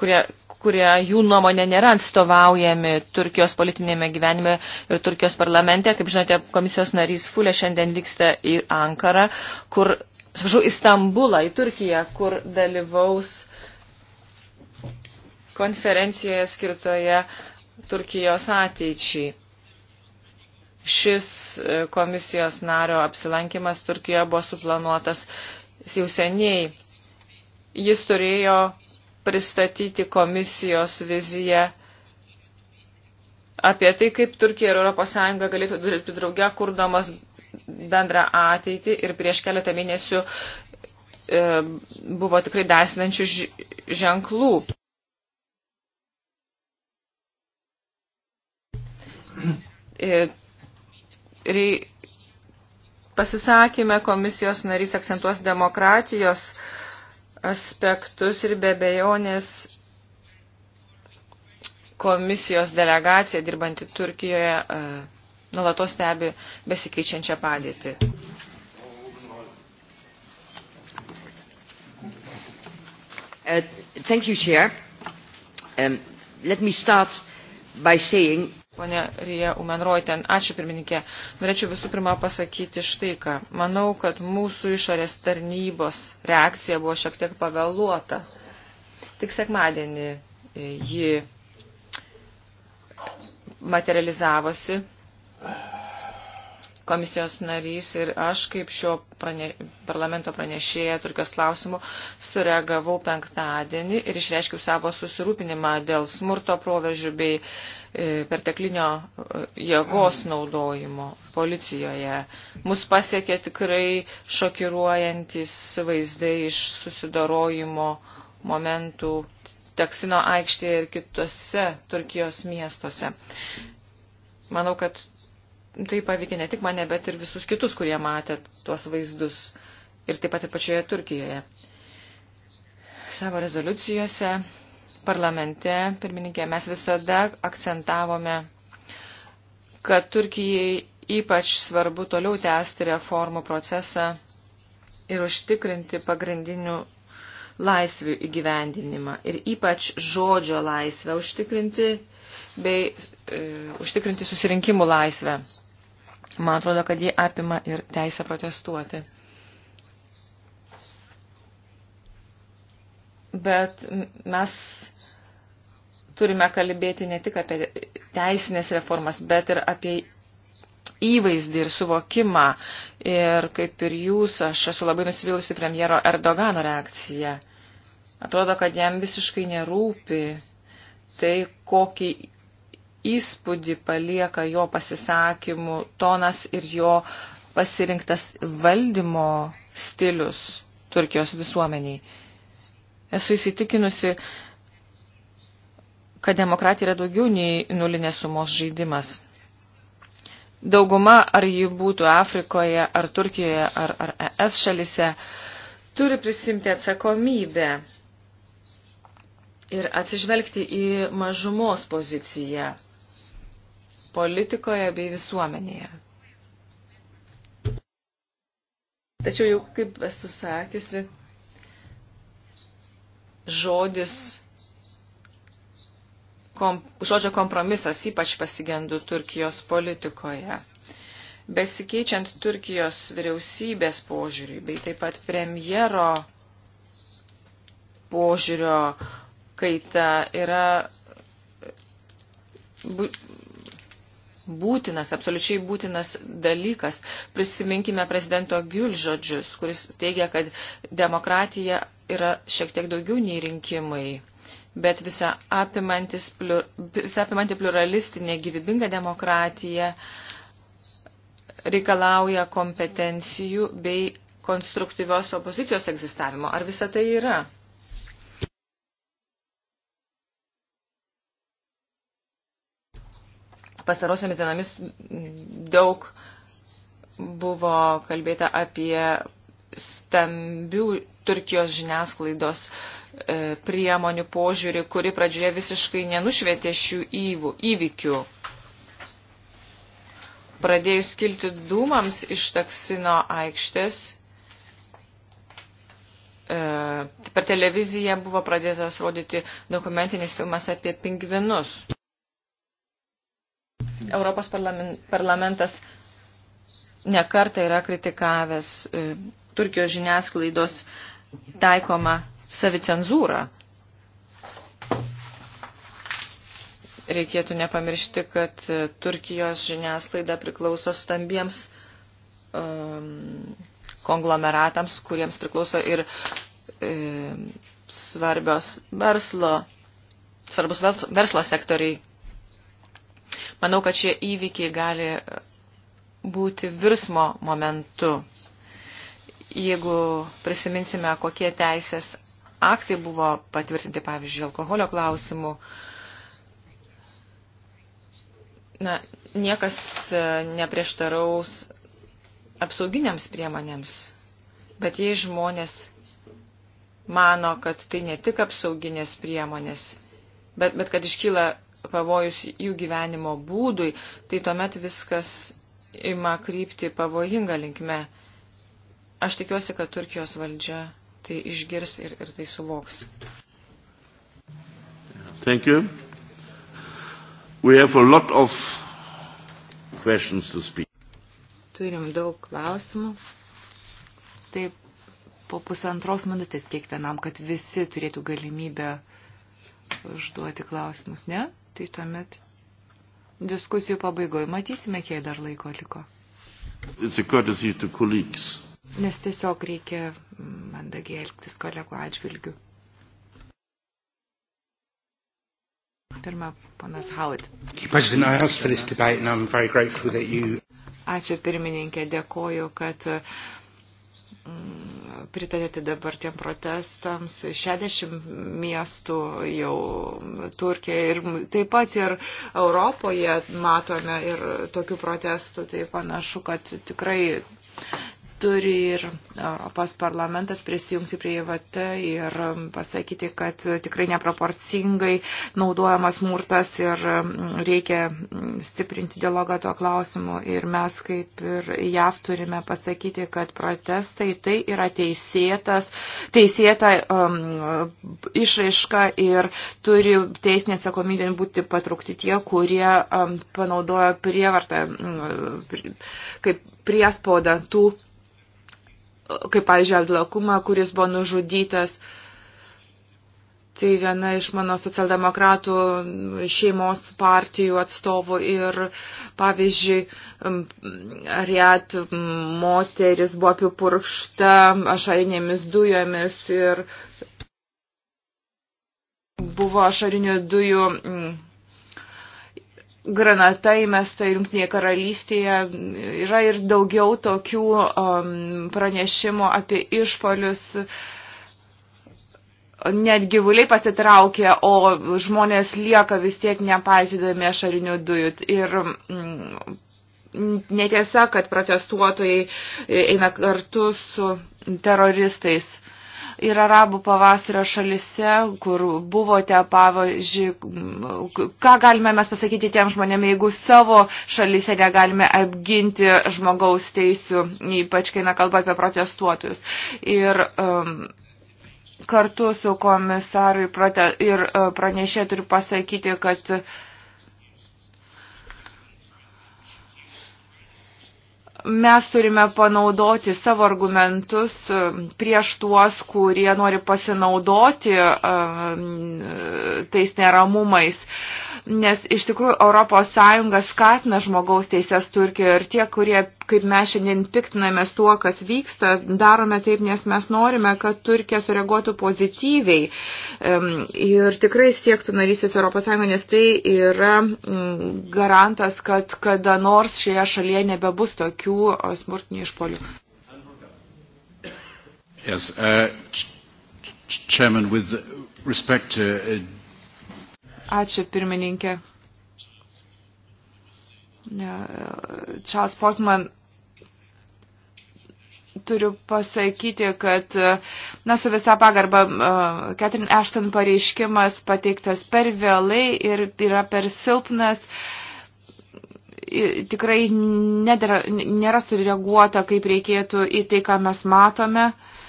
kurie, kurie jų nuomonė nėra atstovaujami Turkijos politinėme gyvenime ir Turkijos parlamente. Kaip žinote, komisijos narys Fulė šiandien vyksta į Ankarą, kur, sažu, Istambulą, į Turkiją, kur dalyvaus konferencijoje skirtoje Turkijos ateičiai. Šis e, komisijos nario apsilankimas Turkijoje buvo suplanuotas jau seniai. Jis turėjo pristatyti komisijos viziją apie tai, kaip Turkija ir ES galėtų dirbti drauge, kurdamas bendrą ateitį ir prieš keletą mėnesių e, buvo tikrai dasinančių ženklų. E, rei, pasisakymę komisijos narys akcentuos demokratijos e, aspektus ir be bejonės komisijos delegacija dirbanti Turkijoje e, nulatos stebi besikeičiančią padėtį. Uh, thank you, Chair. Um, let me start by saying Pone Rija Umenroiten, ačiū pirmininkė. Norėčiau visų pirma pasakyti štai ką. Manau, kad mūsų išorės tarnybos reakcija buvo šiek tiek pavėluota. Tik sekmadienį e, ji materializavosi komisijos narys ir aš, kaip šio prane, parlamento pranešėja Turkijos klausimų, sureagavau penktadienį ir išreiškiau savo susirūpinimą dėl smurto proveržių bei e, perteklinio e, jėgos naudojimo policijoje. Mus pasiekė tikrai šokiruojantis vaizdai iš susidarojimo momentų Teksino aikštėje ir kitose Turkijos miestuose. Manau, kad tai paveikė ne tik mane, bet ir visus kitus, kurie matė tuos vaizdus ir taip pat ir pačioje Turkijoje. Savo rezoliucijose parlamente, pirmininkė, mes visada akcentavome, kad Turkijai ypač svarbu toliau tęsti reformų procesą ir užtikrinti pagrindinių laisvių įgyvendinimą ir ypač žodžio laisvę užtikrinti bei e, užtikrinti susirinkimų laisvę. Man atrodo, kad jie apima ir teisę protestuoti. Bet mes turime kalbėti ne tik apie teisinės reformas, bet ir apie įvaizdį ir suvokimą. Ir kaip ir jūs, aš esu labai nusivylusi premjero Erdogano reakciją. Atrodo, kad jam visiškai nerūpi tai, kokį įspūdį palieka jo pasisakymų tonas ir jo pasirinktas valdymo stilius Turkijos visuomeniai. Esu įsitikinusi, kad demokratija yra daugiau nei nulinės sumos žaidimas. Dauguma, ar ji būtų Afrikoje, ar Turkijoje, ar, ar ES šalise, turi prisimti atsakomybę ir atsižvelgti į mažumos poziciją politikoje bei visuomenėje. Tačiau jau kaip esu sakiusi, žodis, kom, žodžio kompromisas ypač pasigendu Turkijos politikoje. Besikeičiant Turkijos vyriausybės požiūriui, bei taip pat premjero požiūrio kaita yra būtinas, absoliučiai būtinas dalykas. Prisiminkime prezidento Gül žodžius, kuris teigia, kad demokratija yra šiek tiek daugiau nei rinkimai, bet visa, pliur, visa apimanti pluralistinė gyvybinga demokratija reikalauja kompetencijų bei konstruktyvios opozicijos egzistavimo. Ar visa tai yra? pastarosiamis dienomis daug buvo kalbėta apie stambių Turkijos žiniasklaidos e, priemonių požiūrį, kuri pradžioje visiškai nenušvietė šių įvų, įvykių. Pradėjus kilti dūmams iš taksino aikštės, e, per televiziją buvo pradėtas rodyti dokumentinis filmas apie pingvinus. Europos parlamentas nekarta yra kritikavęs e, Turkijos žiniasklaidos taikoma savicenzūra. Reikėtų nepamiršti, kad e, Turkijos žiniasklaida priklauso stambiems um, konglomeratams, kuriems priklauso ir um, svarbios verslo, svarbus verslo sektoriai Manau, kad šie įvykiai gali būti virsmo momentu. Jeigu prisiminsime, kokie teisės aktai buvo patvirtinti, pavyzdžiui, alkoholio klausimų, na, niekas e, neprieštaraus apsauginiams priemonėms, bet jei žmonės mano, kad tai ne tik apsauginės priemonės, bet, bet kad iškyla pavojus jų gyvenimo būdui, tai tuomet viskas ima krypti pavojinga linkme. Aš tikiuosi, kad Turkijos valdžia tai išgirs ir, ir tai suvoks. Thank you. We have a lot of questions to speak. Turim daug klausimų. Taip, po pusantros minutės kiekvienam, kad visi turėtų galimybę uh, užduoti klausimus, ne? Tai tuomet diskusijų pabaigoje matysime, kiek dar laiko liko. Nes tiesiog reikia mandagiai elgtis kolegų atžvilgių. Pirma, panas Howard. Ačiū pirmininkė, dėkoju, kad uh, pritarėte dabar tiem protestams. 60 miestų jau Turkija ir taip pat ir Europoje matome ir tokių protestų. Tai panašu, kad tikrai turi ir Europos parlamentas prisijungti prie IVT ir pasakyti, kad tikrai neproporcingai naudojamas smurtas ir reikia stiprinti dialogą tuo klausimu. Ir mes kaip ir JAV turime pasakyti, kad protestai tai yra teisėtas, teisėta um, išraiška ir turi teisinė atsakomybė būti patraukti tie, kurie um, panaudojo prievartą um, kaip priespaudą tų kaip, pavyzdžiui, Abdulakuma, kuris buvo nužudytas. Tai viena iš mano socialdemokratų šeimos partijų atstovų ir, pavyzdžiui, Riet moteris buvo apipurkšta ašarinėmis dujomis ir buvo ašarinių dujų. Mm, granata įmesta Junktinėje karalystėje. Yra ir daugiau tokių um, pranešimų apie išpolius. Net gyvuliai pasitraukia, o žmonės lieka vis tiek nepaisydami ašarinių dujų. Ir mm, netiesa, kad protestuotojai eina kartu su teroristais ir arabų pavasario šalise, kur buvote, pavyzdžiui, ką galime mes pasakyti tiem žmonėm, jeigu savo šalise negalime apginti žmogaus teisų, ypač kai kalba apie protestuotojus. Ir, um, Kartu su komisaru ir uh, pranešė turiu pasakyti, kad uh, mes turime panaudoti savo argumentus e, prieš tuos, kurie nori pasinaudoti e, tais neramumais. Uh, nes iš tikrųjų ES skatina žmogaus teisės Turkijoje ir tie, kurie, kaip mes šiandien piktinamės tuo, kas vyksta, darome taip, nes mes norime, kad Turkija sureaguotų pozityviai ir tikrai siektų narystės ES, nes tai yra mm, garantas, kad kada nors šioje šalyje nebebus tokių smurtinių išpolių. Yes, uh, Chairman, with respect to uh, Ačiū pirmininkė. Charles Portman turiu pasakyti, kad, na, su visa pagarba, Catherine Ashton pareiškimas pateiktas per vėlai ir yra per silpnas. Tikrai nedėra, nėra sureaguota, kaip reikėtų į tai, ką mes matome. Uh,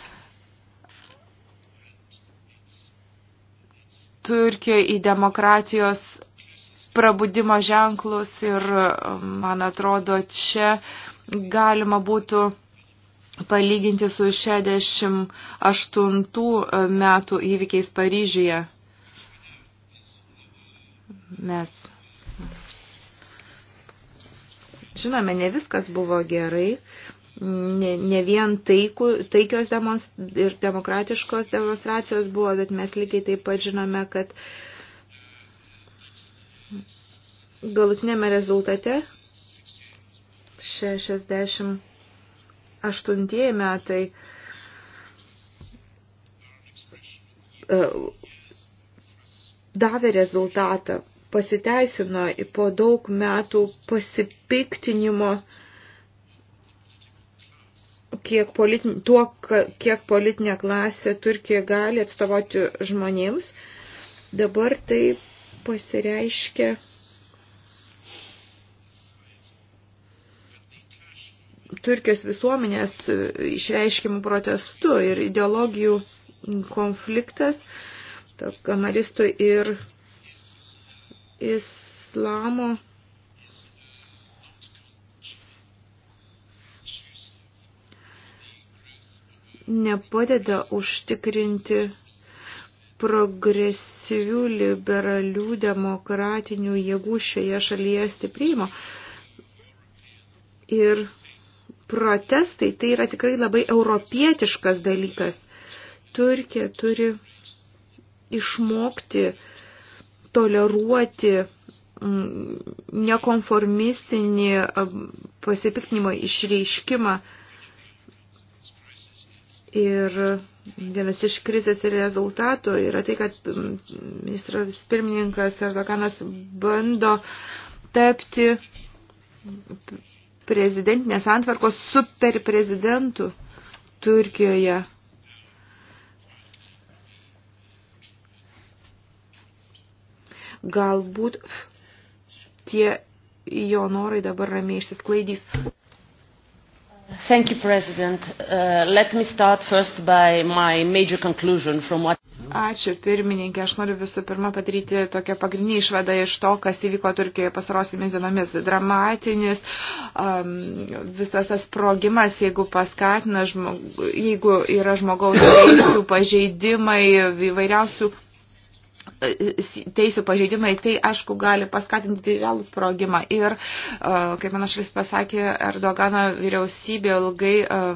Turkiją į demokratijos prabudimo ženklus ir, man atrodo, čia galima būtų palyginti su 68 metų įvykiais Paryžiuje. Mes žinome, ne viskas buvo gerai, ne, ne vien taiku, taikios demonst, ir demokratiškos demonstracijos buvo, bet mes lygiai taip pat žinome, kad galutinėme rezultate 68 metai e, davė rezultatą, pasiteisino po daug metų pasipiktinimo uh, kiek politin, tuo, kiek politinė klasė Turkija gali atstovauti žmonėms. Dabar tai pasireiškia Turkijos visuomenės e, išreiškimų protestu ir ideologijų konfliktas tarp kamaristų ir islamo nepadeda užtikrinti progresyvių, liberalių, demokratinių jėgų šioje šalyje stiprimo. Ir protestai tai yra tikrai labai europietiškas dalykas. Turkija turi išmokti toleruoti mm, nekonformistinį mm, pasipiktinimo išreiškimą Ir vienas iš krizės ir rezultatų yra tai, kad ministras pirmininkas Erdoganas bando tapti prezidentinės antvarkos superprezidentų Turkijoje. Galbūt tie jo norai dabar ramiai išsisklaidys. Thank you, President. Uh, let me start first by my major conclusion from what... Ačiū, pirmininkė. Aš noriu visų pirma padaryti tokią pagrindinį išvadą iš to, kas įvyko Turkijoje pasarosiomis dienomis. Dramatinis um, visas tas sprogimas, jeigu paskatina, žmog... jeigu yra žmogaus teisų pažeidimai, įvairiausių teisų pažeidimai, tai aišku gali paskatinti realų sprogimą. Ir, e, kaip mano šalis pasakė, Erdogano vyriausybė ilgai e,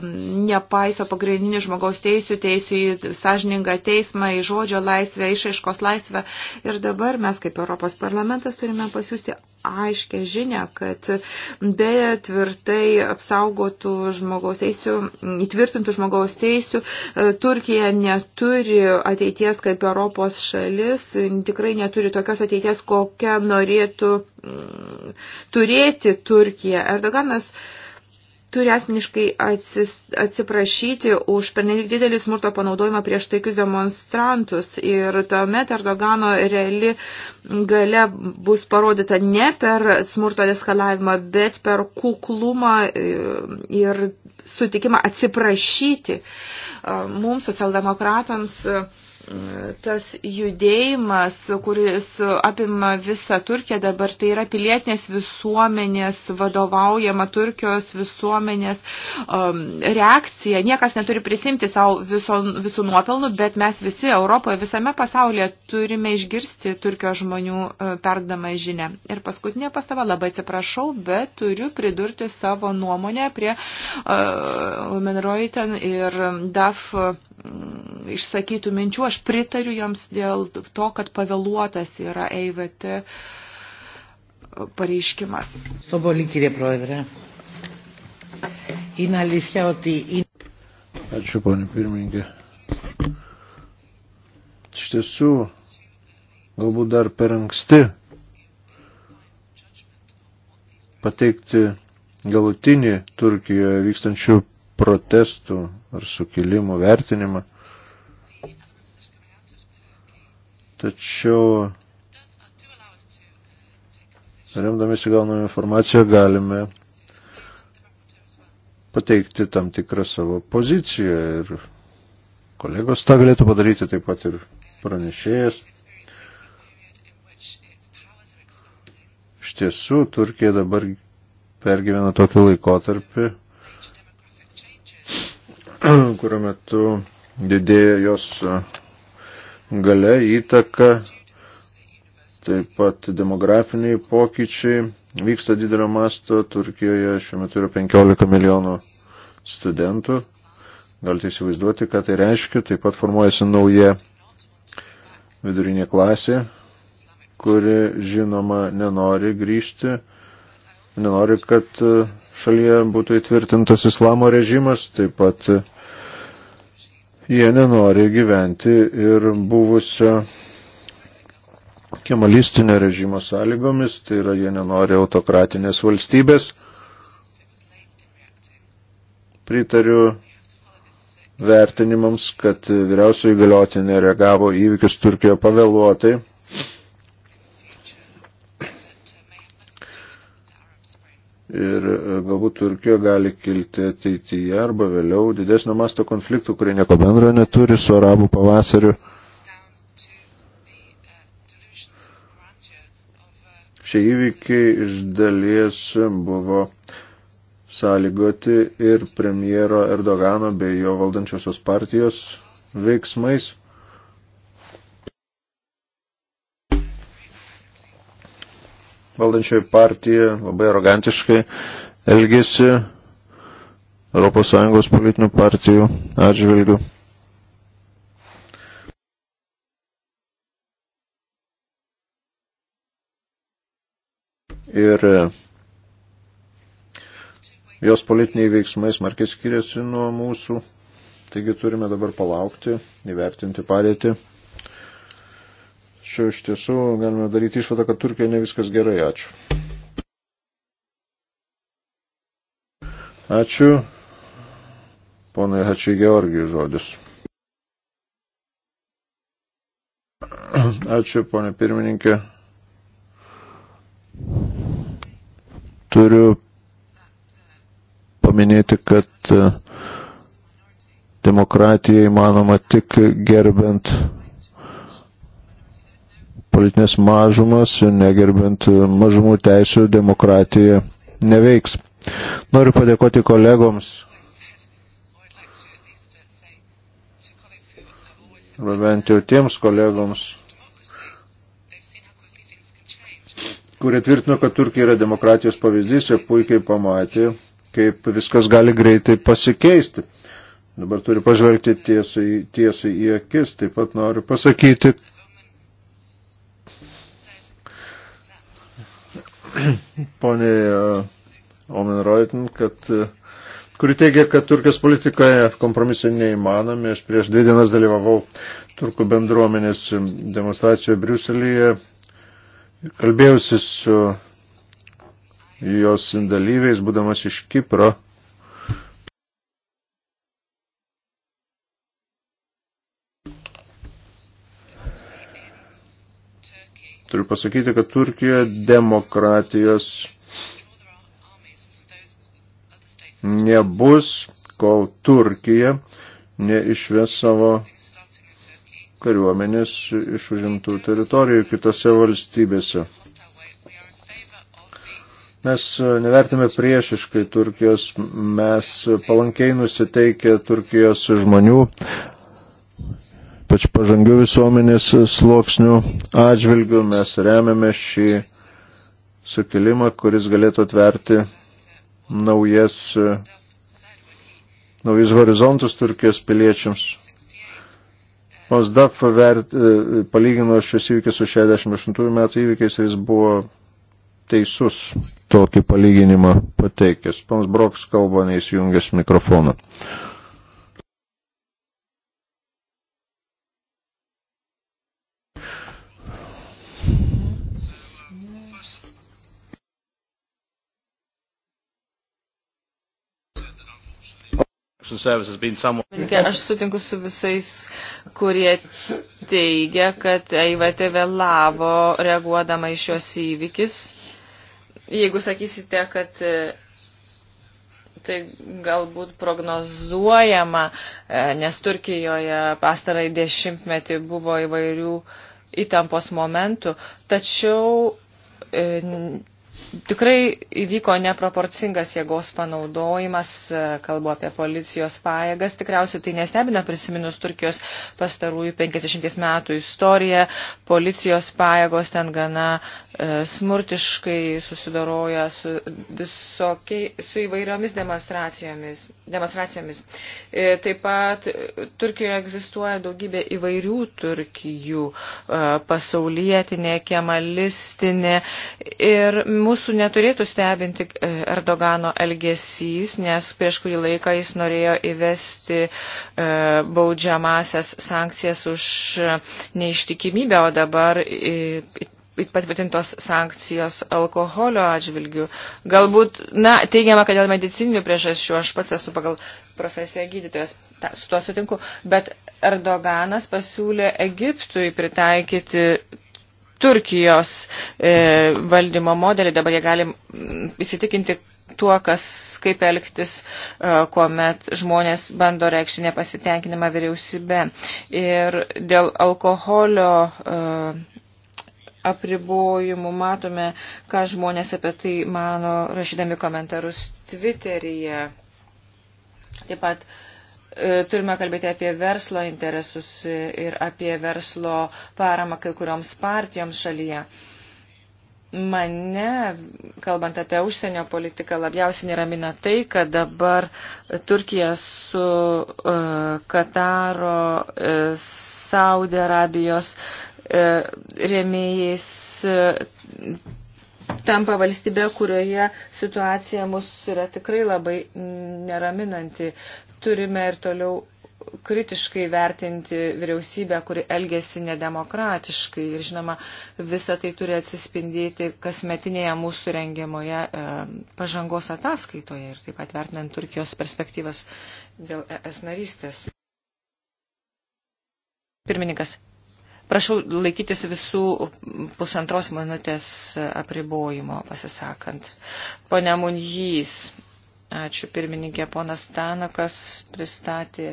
nepaiso pagrindinių žmogaus teisų, teisų į sąžiningą teismą, į žodžio laisvę, išaiškos laisvę. Ir dabar mes kaip Europos parlamentas turime pasiūsti aiškę žinę, kad be tvirtai apsaugotų žmogaus teisų, įtvirtintų žmogaus teisų, e, Turkija neturi ateities kaip Europos šalis, tikrai neturi tokios ateities, kokią norėtų mm, turėti Turkija. Erdoganas uh, turi asmeniškai atsis, atsiprašyti už pernelyg didelį smurto panaudojimą prieš taikius demonstrantus. Ir tuomet Erdogano reali gale bus parodyta ne per smurto deskalavimą, bet per kuklumą e, ir sutikimą atsiprašyti. E, mums, socialdemokratams, tas judėjimas, kuris apima visą Turkiją dabar, tai yra pilietinės visuomenės, vadovaujama Turkijos visuomenės um, reakcija. Niekas neturi prisimti savo viso, visų nuopelnų, bet mes visi Europoje, visame pasaulyje turime išgirsti Turkijos žmonių e, perdamą žinę. Ir paskutinė pastaba, labai atsiprašau, bet turiu pridurti savo nuomonę prie uh, e, Menroiten ir DAF. Uh, Mm, išsakytų minčių, aš pritariu joms dėl to, kad pavėluotas yra EIVT pareiškimas. Ačiū, ponė pirmininkė. Iš tiesų, galbūt dar per anksti pateikti galutinį Turkijoje vykstančių protestų ar sukilimų vertinimą. Tačiau remdamėsi gaunamą informaciją galime pateikti tam tikrą savo poziciją ir kolegos tą galėtų padaryti taip pat ir pranešėjas. Iš tiesų, Turkija dabar pergyvena tokį laikotarpį, [clears throat] kurio metu didėjo jos gale įtaka, taip pat demografiniai pokyčiai. Vyksta didelio masto, Turkijoje šiuo metu yra 15 milijonų studentų. Galite įsivaizduoti, ką tai reiškia. Taip pat formuojasi nauja vidurinė klasė, kuri žinoma nenori grįžti nenori, kad e, šalyje būtų įtvirtintas islamo režimas, taip pat e, jie nenori gyventi ir buvusio kemalistinio režimo sąlygomis, tai yra jie nenori autokratinės valstybės. Pritariu vertinimams, kad vyriausioji galiotinė reagavo įvykius Turkijoje pavėluotai ir e, galbūt Turkija gali kilti ateityje arba vėliau didesnio masto konfliktų, kurie nieko bendro neturi su arabų pavasariu. Šie įvykiai iš dalies buvo sąlygoti ir premjero Erdogano bei jo valdančiosios partijos veiksmais. valdančioji partija labai arogantiškai elgėsi ES politinių partijų atžvilgių. Ir e, jos politiniai veiksmai smarkiai skiriasi nuo mūsų, taigi turime dabar palaukti, įvertinti padėtį. Tačiau iš tiesų galime daryti išvadą, kad Turkija ne viskas gerai. Ačiū. Ačiū. Ponai Hačiai Georgijų žodis. [clears throat] Ačiū, ponė pirmininkė. Turiu paminėti, kad e, demokratija įmanoma tik gerbent politinės mažumas, negerbint mažumų teisų, demokratija neveiks. Noriu padėkoti kolegoms. Arba bent jau tiems kolegoms, kurie tvirtino, kad Turkija yra demokratijos pavyzdys, jie puikiai pamatė, kaip viskas gali greitai pasikeisti. Dabar turiu pažvelgti tiesai, tiesai į akis. Taip pat noriu pasakyti, [clears throat] poniai uh, Omen Reutin, kad, uh, kuri teigia, kad Turkijos politikoje kompromisai neįmanomi. Aš prieš dvi dienas dalyvavau Turkų bendruomenės demonstracijoje Briuselyje. Kalbėjausi su jos dalyviais, būdamas iš Kipro. Turiu pasakyti, kad Turkijoje demokratijos nebus, kol Turkija neišves savo kariuomenės iš užimtų teritorijų kitose valstybėse. Mes nevertime priešiškai Turkijos, mes palankiai nusiteikę Turkijos žmonių ypač pažangių visuomenės sluoksnių atžvilgių. Mes remiame šį sukilimą, kuris galėtų atverti naujas, naujus horizontus Turkijos piliečiams. Osdaf vert, palygino šios įvykius su 68 metų įvykiais ir jis buvo teisus tokį palyginimą pateikęs. Pons Broks kalba neįsijungęs mikrofoną. Aš sutinku su visais, kurie teigia, kad EIVT vėlavo reaguodama į šios įvykis. Jeigu sakysite, kad e, tai galbūt prognozuojama, e, nes Turkijoje pastarąjį dešimtmetį buvo įvairių įtampos momentų, tačiau e, Tikrai įvyko neproporcingas jėgos panaudojimas, e, kalbu apie policijos pajėgas, tikriausiai tai nestebina prisiminus Turkijos pastarųjų 50 metų istoriją, policijos pajėgos ten gana e, smurtiškai susidaroja su, visokiai, su įvairiomis demonstracijomis. demonstracijomis. E, taip pat e, Turkijoje egzistuoja daugybė įvairių Turkijų, e, pasaulietinė, kemalistinė ir mūsų Mūsų neturėtų stebinti e, Erdogano elgesys, nes prieš kurį laiką jis norėjo įvesti e, baudžiamasias sankcijas už neištikimybę, o dabar patvirtintos sankcijos alkoholio atžvilgių. Galbūt, na, teigiama, kad dėl medicininių priežasčių, aš pats esu pagal profesiją gydytojas, ta, su tuo sutinku, bet Erdoganas pasiūlė Egiptui pritaikyti Turkijos e, valdymo modelį. Dabar jie gali mm, įsitikinti tuo, kas, kaip elgtis, e, kuomet žmonės bando reikšti nepasitenkinimą vyriausybę. Ir dėl alkoholio. E, apribojimų, matome, ką žmonės apie tai mano rašydami komentarus Twitteryje. Taip pat uh, E, turime kalbėti apie verslo interesus ir apie verslo paramą kai kurioms partijoms šalyje. Mane, kalbant apie užsienio politiką, labiausiai neramina tai, kad dabar Turkija su uh, Kataro, uh, e, Saudo Arabijos uh, rėmėjais uh, tampa valstybė, kurioje situacija mus yra tikrai labai neraminanti. Turime ir toliau kritiškai vertinti vyriausybę, kuri elgesi nedemokratiškai. Ir žinoma, visa tai turi atsispindėti kasmetinėje mūsų rengiamoje e, pažangos ataskaitoje ir taip pat vertinant Turkijos perspektyvas dėl ES narystės. Pirmininkas, Prašau laikytis visų pusantros minutės apribojimo pasisakant. Pone Munjys, ačiū pirmininkė, ponas Tanakas pristatė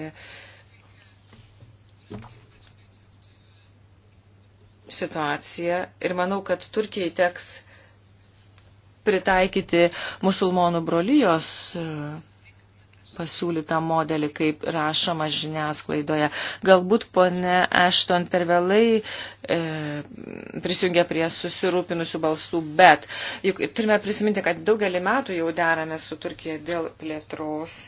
situaciją ir manau, kad Turkijai teks pritaikyti musulmonų brolyjos pasiūlytą modelį, kaip rašoma žiniasklaidoje. Galbūt pone Ešton per vėlai e, prisijungia prie susirūpinusių balsų, bet juk turime prisiminti, kad daugelį metų jau derame su Turkija dėl plėtros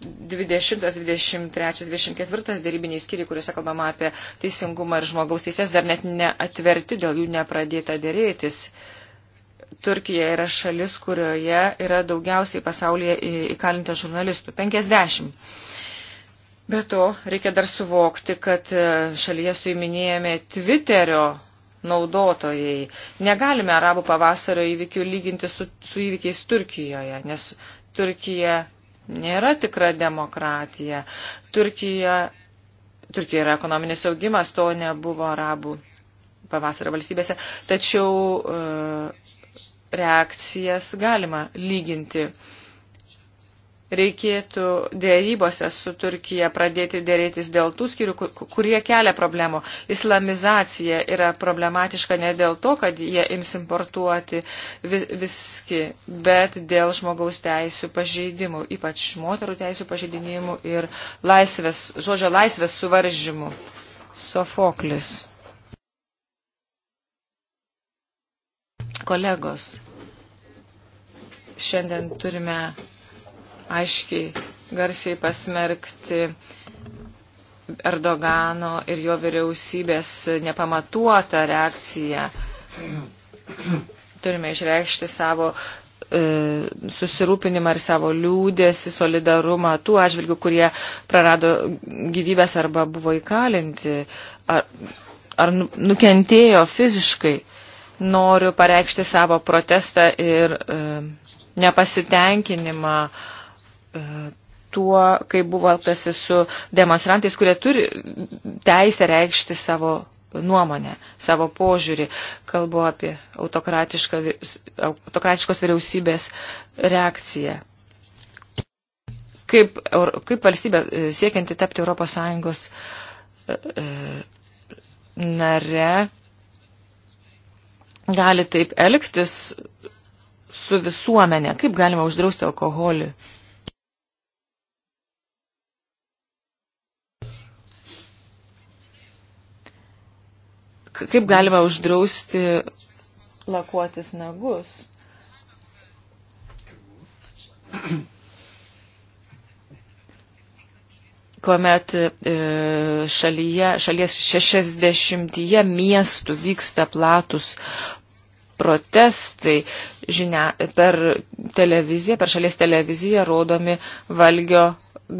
20, 23, 24 dėrybiniai skyriai, kuriuose kalbama apie teisingumą ir žmogaus teisės, dar net neatverti, dėl jų nepradėta dėrėtis. E, Turkija yra šalis, kurioje yra daugiausiai pasaulyje įkalinta žurnalistų - 50. Be to, reikia dar suvokti, kad e, šalyje suiminėjame Twitterio naudotojai. Negalime arabų pavasario įvykių lyginti su, su įvykiais Turkijoje, nes Turkija nėra tikra demokratija. Turkija, Turkija yra ekonominis augimas, to nebuvo arabų pavasario valstybėse. Tačiau uh, reakcijas galima lyginti. Reikėtų dėrybose su Turkija pradėti dėrėtis dėl tų skyrių, kurie kelia problemų. Islamizacija yra problematiška ne dėl to, kad jie ims importuoti vis, viski, bet dėl žmogaus teisų pažeidimų, ypač moterų teisų pažeidinimų ir laisvės, žodžio laisvės suvaržymų. Sofoklis. Kolegos, šiandien turime aiškiai garsiai pasmerkti Erdogano ir jo vyriausybės nepamatuotą reakciją. Turime išreikšti savo e, susirūpinimą ir savo liūdėsi, solidarumą tų atžvilgių, kurie prarado gyvybės arba buvo įkalinti, ar, ar nu, nukentėjo fiziškai noriu pareikšti savo protestą ir e, nepasitenkinimą e, tuo, kai buvo elgtasi su demonstrantais, kurie turi teisę reikšti savo nuomonę, savo požiūrį. Kalbu apie autokratiškos vyriausybės reakciją. Kaip, kaip valstybė e, siekianti tapti ES e, e, nare, gali taip elgtis su visuomenė? Kaip galima uždrausti alkoholį? Kaip galima uždrausti lakuotis nagus? kuomet e, šalyje, šalies 60 miestų vyksta platus protestai žinia, per televiziją, per šalies televiziją rodomi valgio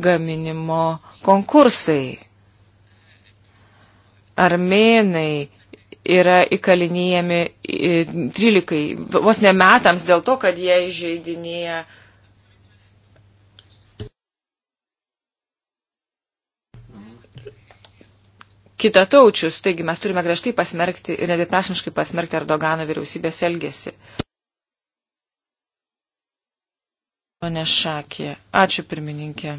gaminimo konkursai. Armėnai yra įkalinėjami 13, e, vos ne metams dėl to, kad jie įžeidinėja kitataučius, taigi mes turime griežtai pasmerkti ir nedviprasmiškai pasmerkti Erdogano vyriausybės elgesį. Pane Šakė, ačiū pirmininkė.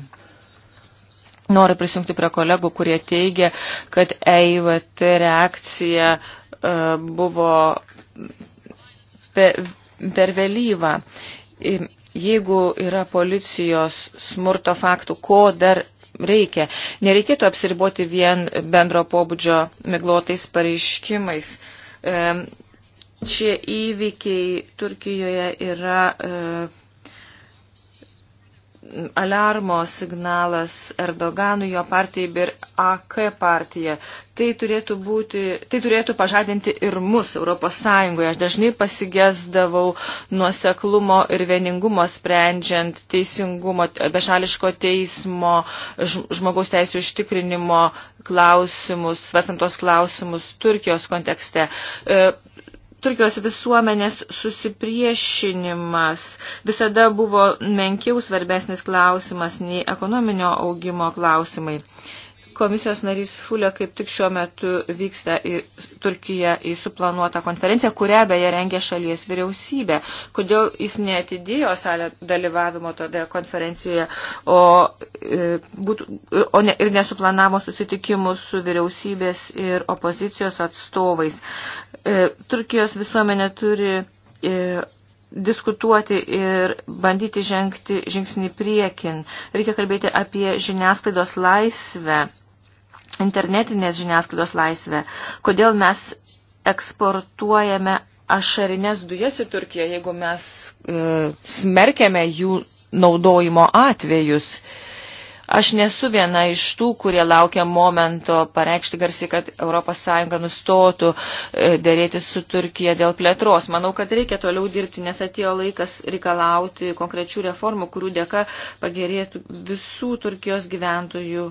Noriu prisijungti prie kolegų, kurie teigia, kad EIVT reakcija e, buvo per vėlyva. Jeigu yra policijos smurto faktų, ko dar reikia. Nereikėtų apsiriboti vien bendro pobūdžio miglotais pareiškimais. E, šie įvykiai Turkijoje yra. E, alarmo signalas Erdoganui, jo partijai ir AK partija. Tai turėtų, būti, tai turėtų pažadinti ir mus Europos Sąjungoje. Aš dažnai pasigesdavau nuoseklumo ir vieningumo sprendžiant teisingumo, bešališko teismo, žmogaus teisų ištikrinimo klausimus, svarstantos klausimus Turkijos kontekste. E, Turkijos visuomenės susipriešinimas visada buvo menkiau svarbesnis klausimas nei ekonominio augimo klausimai. Komisijos narys Fulė kaip tik šiuo metu vyksta į Turkiją į suplanuotą konferenciją, kurią beje rengia šalies vyriausybė. Kodėl jis neatidėjo salę dalyvavimo toje konferencijoje o, e, būtų, o ne, ir nesuplanavo susitikimų su vyriausybės ir opozicijos atstovais. E, Turkijos visuomenė turi e, diskutuoti ir bandyti žengti žingsnį priekin. Reikia kalbėti apie žiniasklaidos laisvę internetinės žiniasklaidos laisvę, kodėl mes eksportuojame ašarinės dujas į Turkiją, jeigu mes e, smerkiame jų naudojimo atvejus. Aš nesu viena iš tų, kurie laukia momento pareikšti garsiai, kad ES nustotų e, dėrėti su Turkija dėl plėtros. Manau, kad reikia toliau dirbti, nes atėjo laikas reikalauti konkrečių reformų, kurių dėka pagerėtų visų Turkijos gyventojų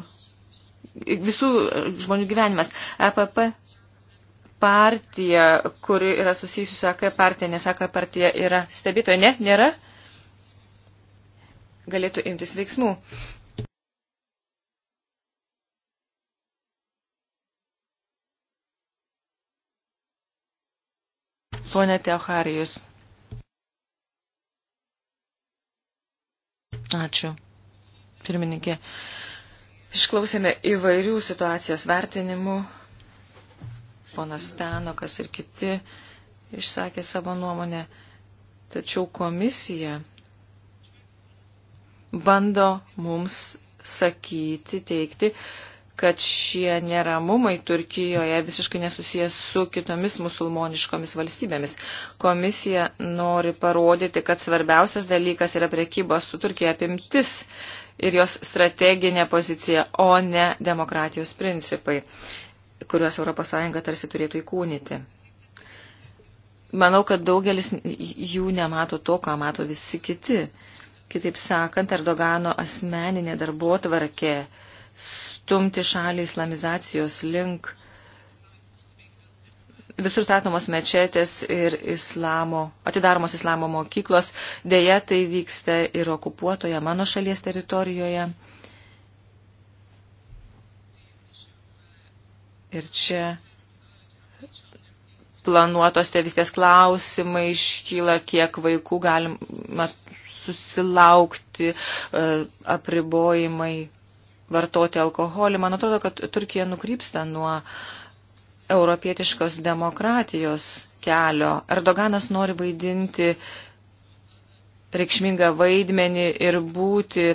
visų žmonių gyvenimas. EPP partija, kuri yra susijusi su AK partija, nes AK partija yra stebėtoja, ne, nėra, galėtų imtis veiksmų. Pone Teoharijus. Ačiū. Pirmininkė. Uh, Išklausėme įvairių situacijos vertinimų. Ponas Stanokas ir kiti išsakė savo nuomonę. Tačiau komisija bando mums sakyti, teikti, kad šie neramumai Turkijoje visiškai nesusijęs su kitomis musulmoniškomis valstybėmis. Komisija nori parodyti, kad svarbiausias dalykas yra prekybos su Turkija apimtis ir jos strateginė pozicija, o ne demokratijos principai, kuriuos ES tarsi turėtų įkūnyti. Manau, kad daugelis jų nemato to, ką mato visi kiti. Kitaip sakant, Erdogano asmeninė darbo tvarkė stumti šalį islamizacijos link visur statomos mečetės ir islamo, atidaromos islamo mokyklos. Deja, tai vyksta ir okupuotoje mano šalies teritorijoje. Ir čia planuotos tėvystės klausimai iškyla, kiek vaikų galima susilaukti, e, apribojimai vartoti alkoholį. Man atrodo, kad Turkija nukrypsta nuo uh, europietiškos demokratijos kelio. Erdoganas nori vaidinti reikšmingą vaidmenį ir būti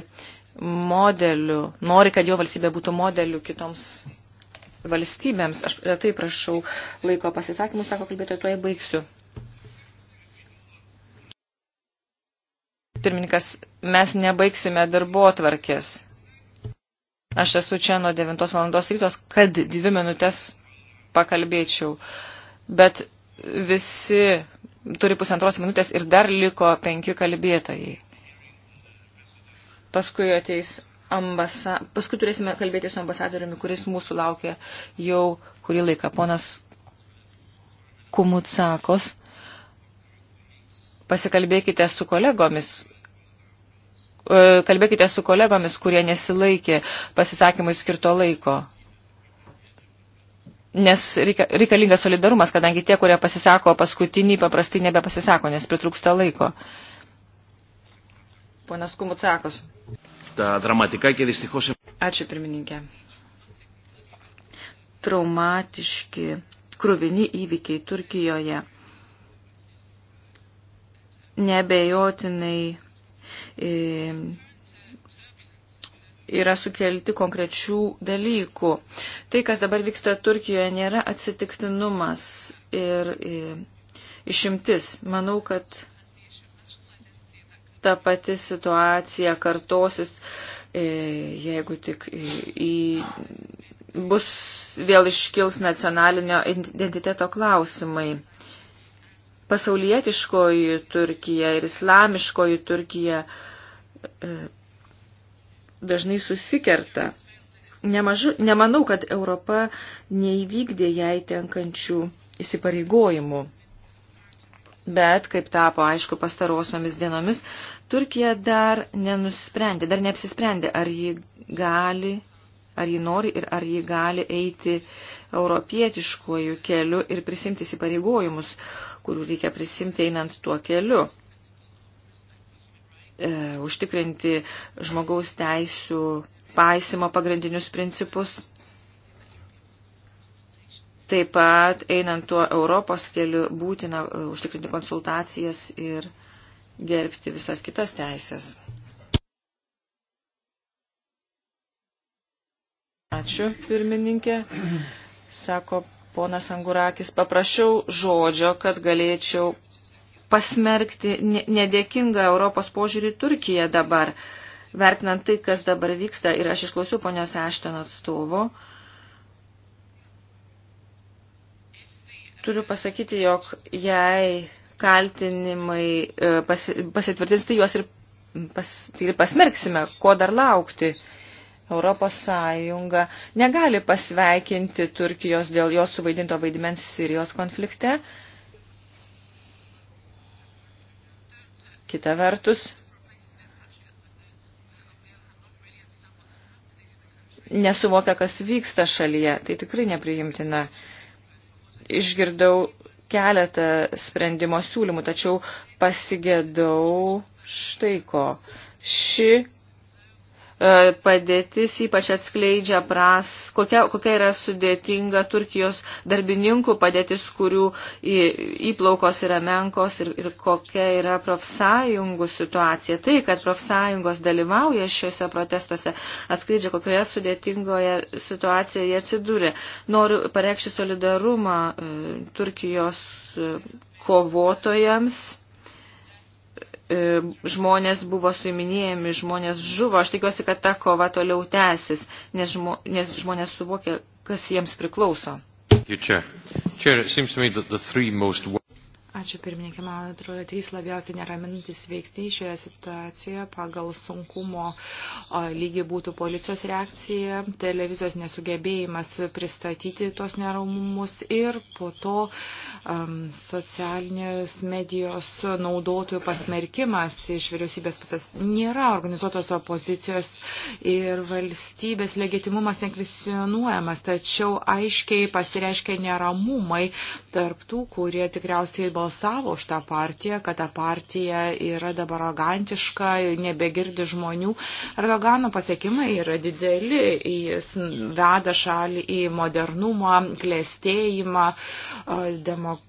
modeliu, nori, kad jo valstybė būtų modeliu kitoms valstybėms. Aš retai prašau laiko pasisakymų, sako kalbėtoja, tuoj baigsiu. Pirmininkas, mes nebaigsime darbo tvarkės. Aš esu čia nuo 9 valandos rytos, kad dvi minutės pakalbėčiau. Bet visi turi pusantros minutės ir dar liko penki kalbėtojai. Paskui ateis ambasa... Paskui turėsime kalbėti su ambasadoriumi, kuris mūsų laukia jau kurį laiką. Ponas Kumutsakos, pasikalbėkite su kolegomis, e, kalbėkite su kolegomis, kurie nesilaikė pasisakymui skirto laiko nes reikalingas solidarumas, kadangi tie, kurie pasisako paskutinį, paprastai nebepasisako, nes pritrūksta laiko. Ponas Kumutsakos. Ačiū pirmininkė. Traumatiški, kruvini įvykiai Turkijoje nebejotinai e, yra sukelti konkrečių dalykų. Tai, kas dabar vyksta Turkijoje, nėra atsitiktinumas ir išimtis. Manau, kad ta pati situacija kartosis, jeigu tik į, bus vėl iškils nacionalinio identiteto klausimai. Pasaulietiškoji Turkija ir islamiškoji Turkija dažnai susikerta. Nemažu, nemanau, kad Europa neįvykdė jai tenkančių įsipareigojimų. Bet, kaip tapo aišku pastarosiomis dienomis, Turkija dar nenusprendė, dar neapsisprendė, ar ji gali, ar ji nori ir ar ji gali eiti europietiškuoju keliu ir prisimti įsipareigojimus, kurių reikia prisimti einant tuo keliu e, užtikrinti žmogaus teisų paisimo pagrindinius principus. Taip pat, einant tuo Europos keliu, būtina e, užtikrinti konsultacijas ir gerbti visas kitas teisės. Ačiū, pirmininkė. Sako ponas Angurakis, paprašiau žodžio, kad galėčiau pasmerkti nedėkingą Europos požiūrį Turkiją dabar, vertinant tai, kas dabar vyksta. Ir aš išklausiu ponios Ešten atstovo. Turiu pasakyti, jog jei kaltinimai e, pasitvirtins, tai juos ir pas, tai pasmerksime, ko dar laukti. Europos Sąjunga negali pasveikinti Turkijos dėl jos suvaidinto vaidmens Sirijos konflikte. Uh, Kita vertus, nesuvokia, kas vyksta šalyje. Tai tikrai nepriimtina. Išgirdau keletą sprendimo siūlymų, tačiau pasigėdau štai ko. Ši E, padėtis ypač atskleidžia pras, kokia, kokia yra sudėtinga Turkijos darbininkų padėtis, kurių įplaukos yra menkos ir, ir kokia yra profsąjungų situacija. Tai, kad profsąjungos dalyvauja šiuose protestuose, atskleidžia, kokioje sudėtingoje situacijoje jie atsidūrė. Noriu pareikšti solidarumą e, Turkijos e, kovotojams E, žmonės buvo suiminėjami, žmonės žuvo. Aš tikiuosi, kad ta kova toliau tęsis, nes, žmo, nes žmonės suvokė, kas jiems priklauso. Chair. Chair, most... Ačiū pirmininkė, man atrodo, trys labiausiai neraminantis veiksniai šioje situacijoje pagal sunkumo lygį būtų policijos reakcija, televizijos nesugebėjimas pristatyti tuos neramumus ir po to um, socialinės medijos naudotojų pasmerkimas iš vyriausybės pusės. Nėra organizuotos opozicijos ir valstybės legitimumas nekvisionuojamas, tačiau aiškiai pasireiškia neramumai tarptų, kurie tikriausiai balsuoja balsavo už tą partiją, kad ta partija yra dabar arogantiška, nebegirdi žmonių. Erdogano pasiekimai yra dideli, jis veda šalį į modernumą, klėstėjimą, demokratiją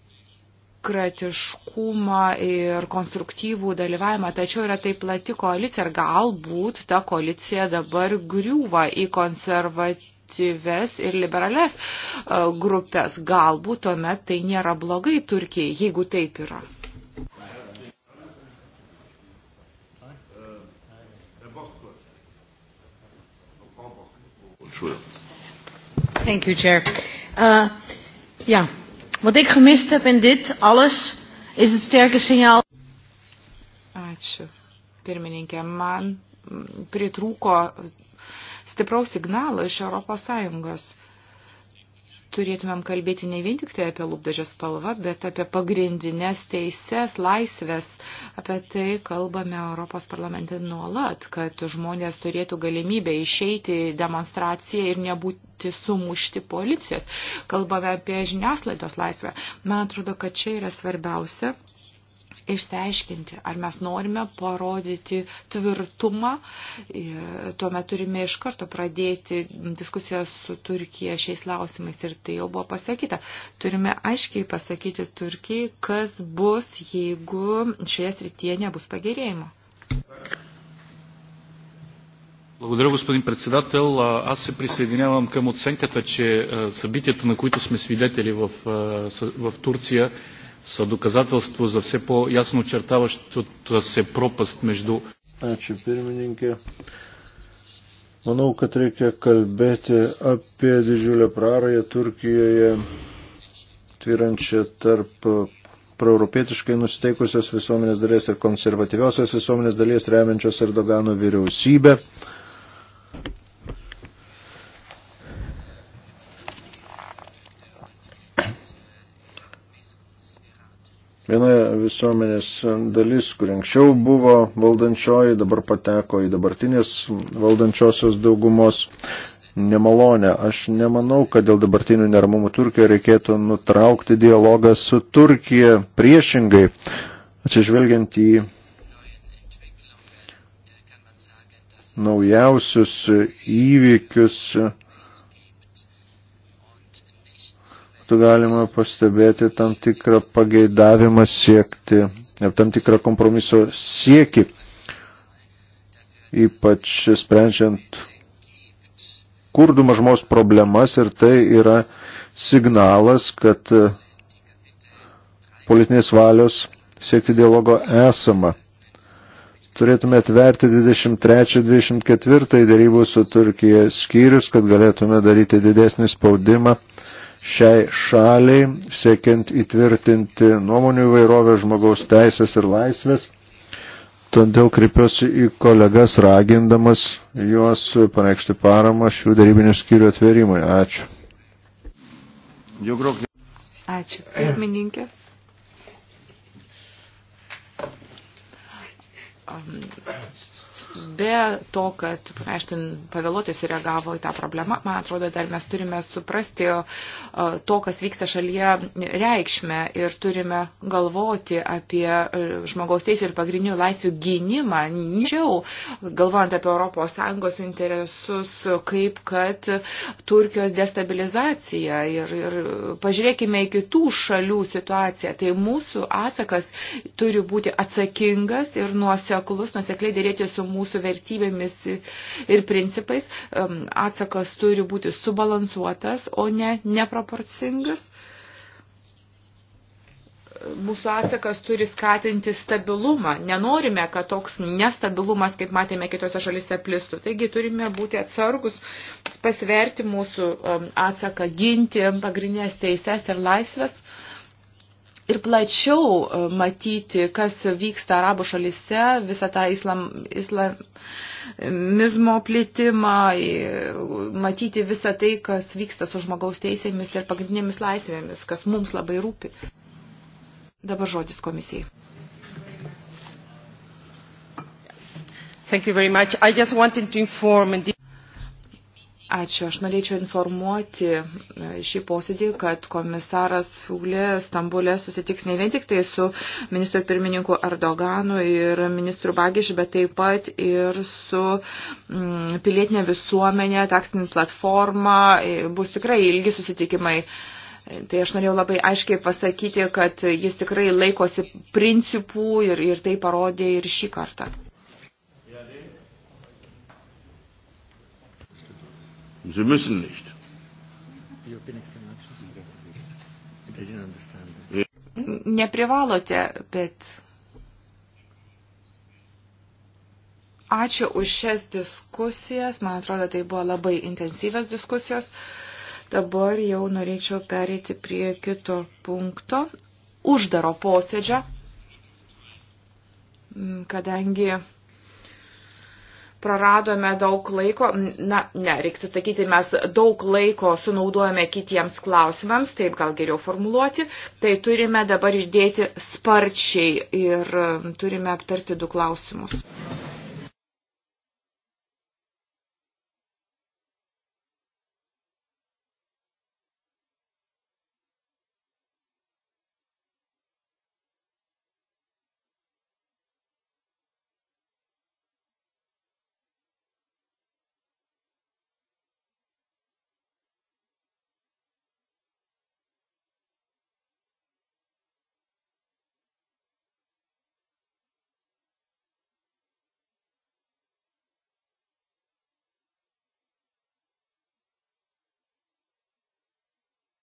demokratiškumą ir konstruktyvų dalyvavimą, tačiau yra taip plati koalicija ir galbūt ta koalicija dabar griūva į konservatyvų konservatyves ir liberales e, grupės. Galbūt tuomet tai nėra blogai Turkijai, jeigu taip yra. Thank you, Chair. Uh, ja, wat ik gemist heb in dit alles is het sterke signaal. Ačiū, pirmininkė. Man pritrūko stipraus signalo iš ES. Turėtumėm kalbėti ne vien tik tai apie lūpdažio spalvą, bet apie pagrindinės teises, laisvės. Apie tai kalbame Europos parlamente nuolat, kad žmonės turėtų galimybę išeiti demonstraciją ir nebūti sumušti policijos. Kalbame apie žiniaslaidos laisvę. Man atrodo, kad čia yra svarbiausia išsiaiškinti, ar mes norime parodyti tvirtumą. Tuomet turime iš karto pradėti diskusiją su Turkija šiais klausimais ir tai jau buvo pasakyta. Turime aiškiai pasakyti Turkijai, kas bus, jeigu šioje srityje nebus pagerėjimo. Благодаря, господин председател. Аз се присъединявам към оценката, че събитията, на които сме свидетели в, в Турция, са доказателство за все по-ясно очертаващата се пропаст между. Ačiū pirmininkė. Manau, kad reikia kalbėti apie didžiulę prarąją Turkijoje, tvirančią tarp proeuropietiškai nusiteikusios visuomenės dalies ir konservatyviosios visuomenės dalies remiančios Erdogano vyriausybę. Viena visuomenės dalis, kur anksčiau buvo valdančioji, dabar pateko į dabartinės valdančiosios daugumos nemalonę. Aš nemanau, kad dėl dabartinių neramumų Turkijoje reikėtų nutraukti dialogą su Turkija priešingai, atsižvelgiant į naujausius įvykius būtų galima pastebėti tam tikrą pageidavimą siekti ir tam tikrą kompromiso sieki, ypač sprendžiant kurdų mažmos problemas ir tai yra signalas, kad e, politinės valios siekti dialogo esama. Turėtume atverti 23-24 dėrybų su Turkija skyrius, kad galėtume daryti didesnį spaudimą šiai šaliai, siekiant įtvirtinti nuomonių įvairovę žmogaus teisės ir laisvės. Todėl kreipiuosi į kolegas ragindamas juos pareikšti paramą šių darybinių skyrių atvėrimui. Ačiū. Ačiū. Pirmininkė. Um, be to, kad Ashton pavėluotai sureagavo į tą problemą, man atrodo, dar mes turime suprasti to, kas vyksta šalyje reikšmę ir turime galvoti apie e, žmogaus teisų ir pagrindinių laisvių gynimą, nežiau, galvojant apie ES interesus, kaip kad Turkijos destabilizacija ir, ir pažiūrėkime į kitų šalių situaciją. Tai mūsų atsakas turi būti atsakingas ir nuoseklus, nuosekliai dėrėti su mūsų mūsų vertybėmis ir principais. Atsakas turi būti subalansuotas, o ne neproporcingas. Mūsų atsakas turi skatinti stabilumą. Nenorime, kad toks nestabilumas, kaip matėme kitose šalise, plistų. Taigi turime būti atsargus, pasverti mūsų atsaką, ginti pagrindinės teises ir laisvės. Uh, ir plačiau e, matyti, kas vyksta arabų šalise, visą tą islam, islamizmo plitimą, matyti visą tai, kas vyksta su žmogaus teisėmis ir pagrindinėmis laisvėmis, kas mums labai rūpi. Dabar žodis komisijai. Thank you very much. I just wanted to inform. Ačiū. Aš norėčiau informuoti e, šį posėdį, kad komisaras Fūlė Stambulė susitiks ne vien tik tai su ministru pirmininku Erdoganu ir ministru Bagiš, bet taip pat ir su mm, pilietinė visuomenė, taksinė platforma. E, bus tikrai ilgi susitikimai. E, tai aš norėjau labai aiškiai pasakyti, kad jis tikrai laikosi principų ir, ir tai parodė ir šį kartą. Sie müssen nicht. Neprivalote, bet ačiū už šias diskusijas. Man atrodo, tai buvo labai intensyvios diskusijos. Dabar jau norėčiau pereiti prie kito punkto, uždaro posėdžio, mm, kadangi praradome daug laiko, na, ne, reiktų sakyti, mes daug laiko sunaudojame kitiems klausimams, taip gal geriau formuluoti, tai turime dabar judėti sparčiai ir um, turime aptarti du klausimus.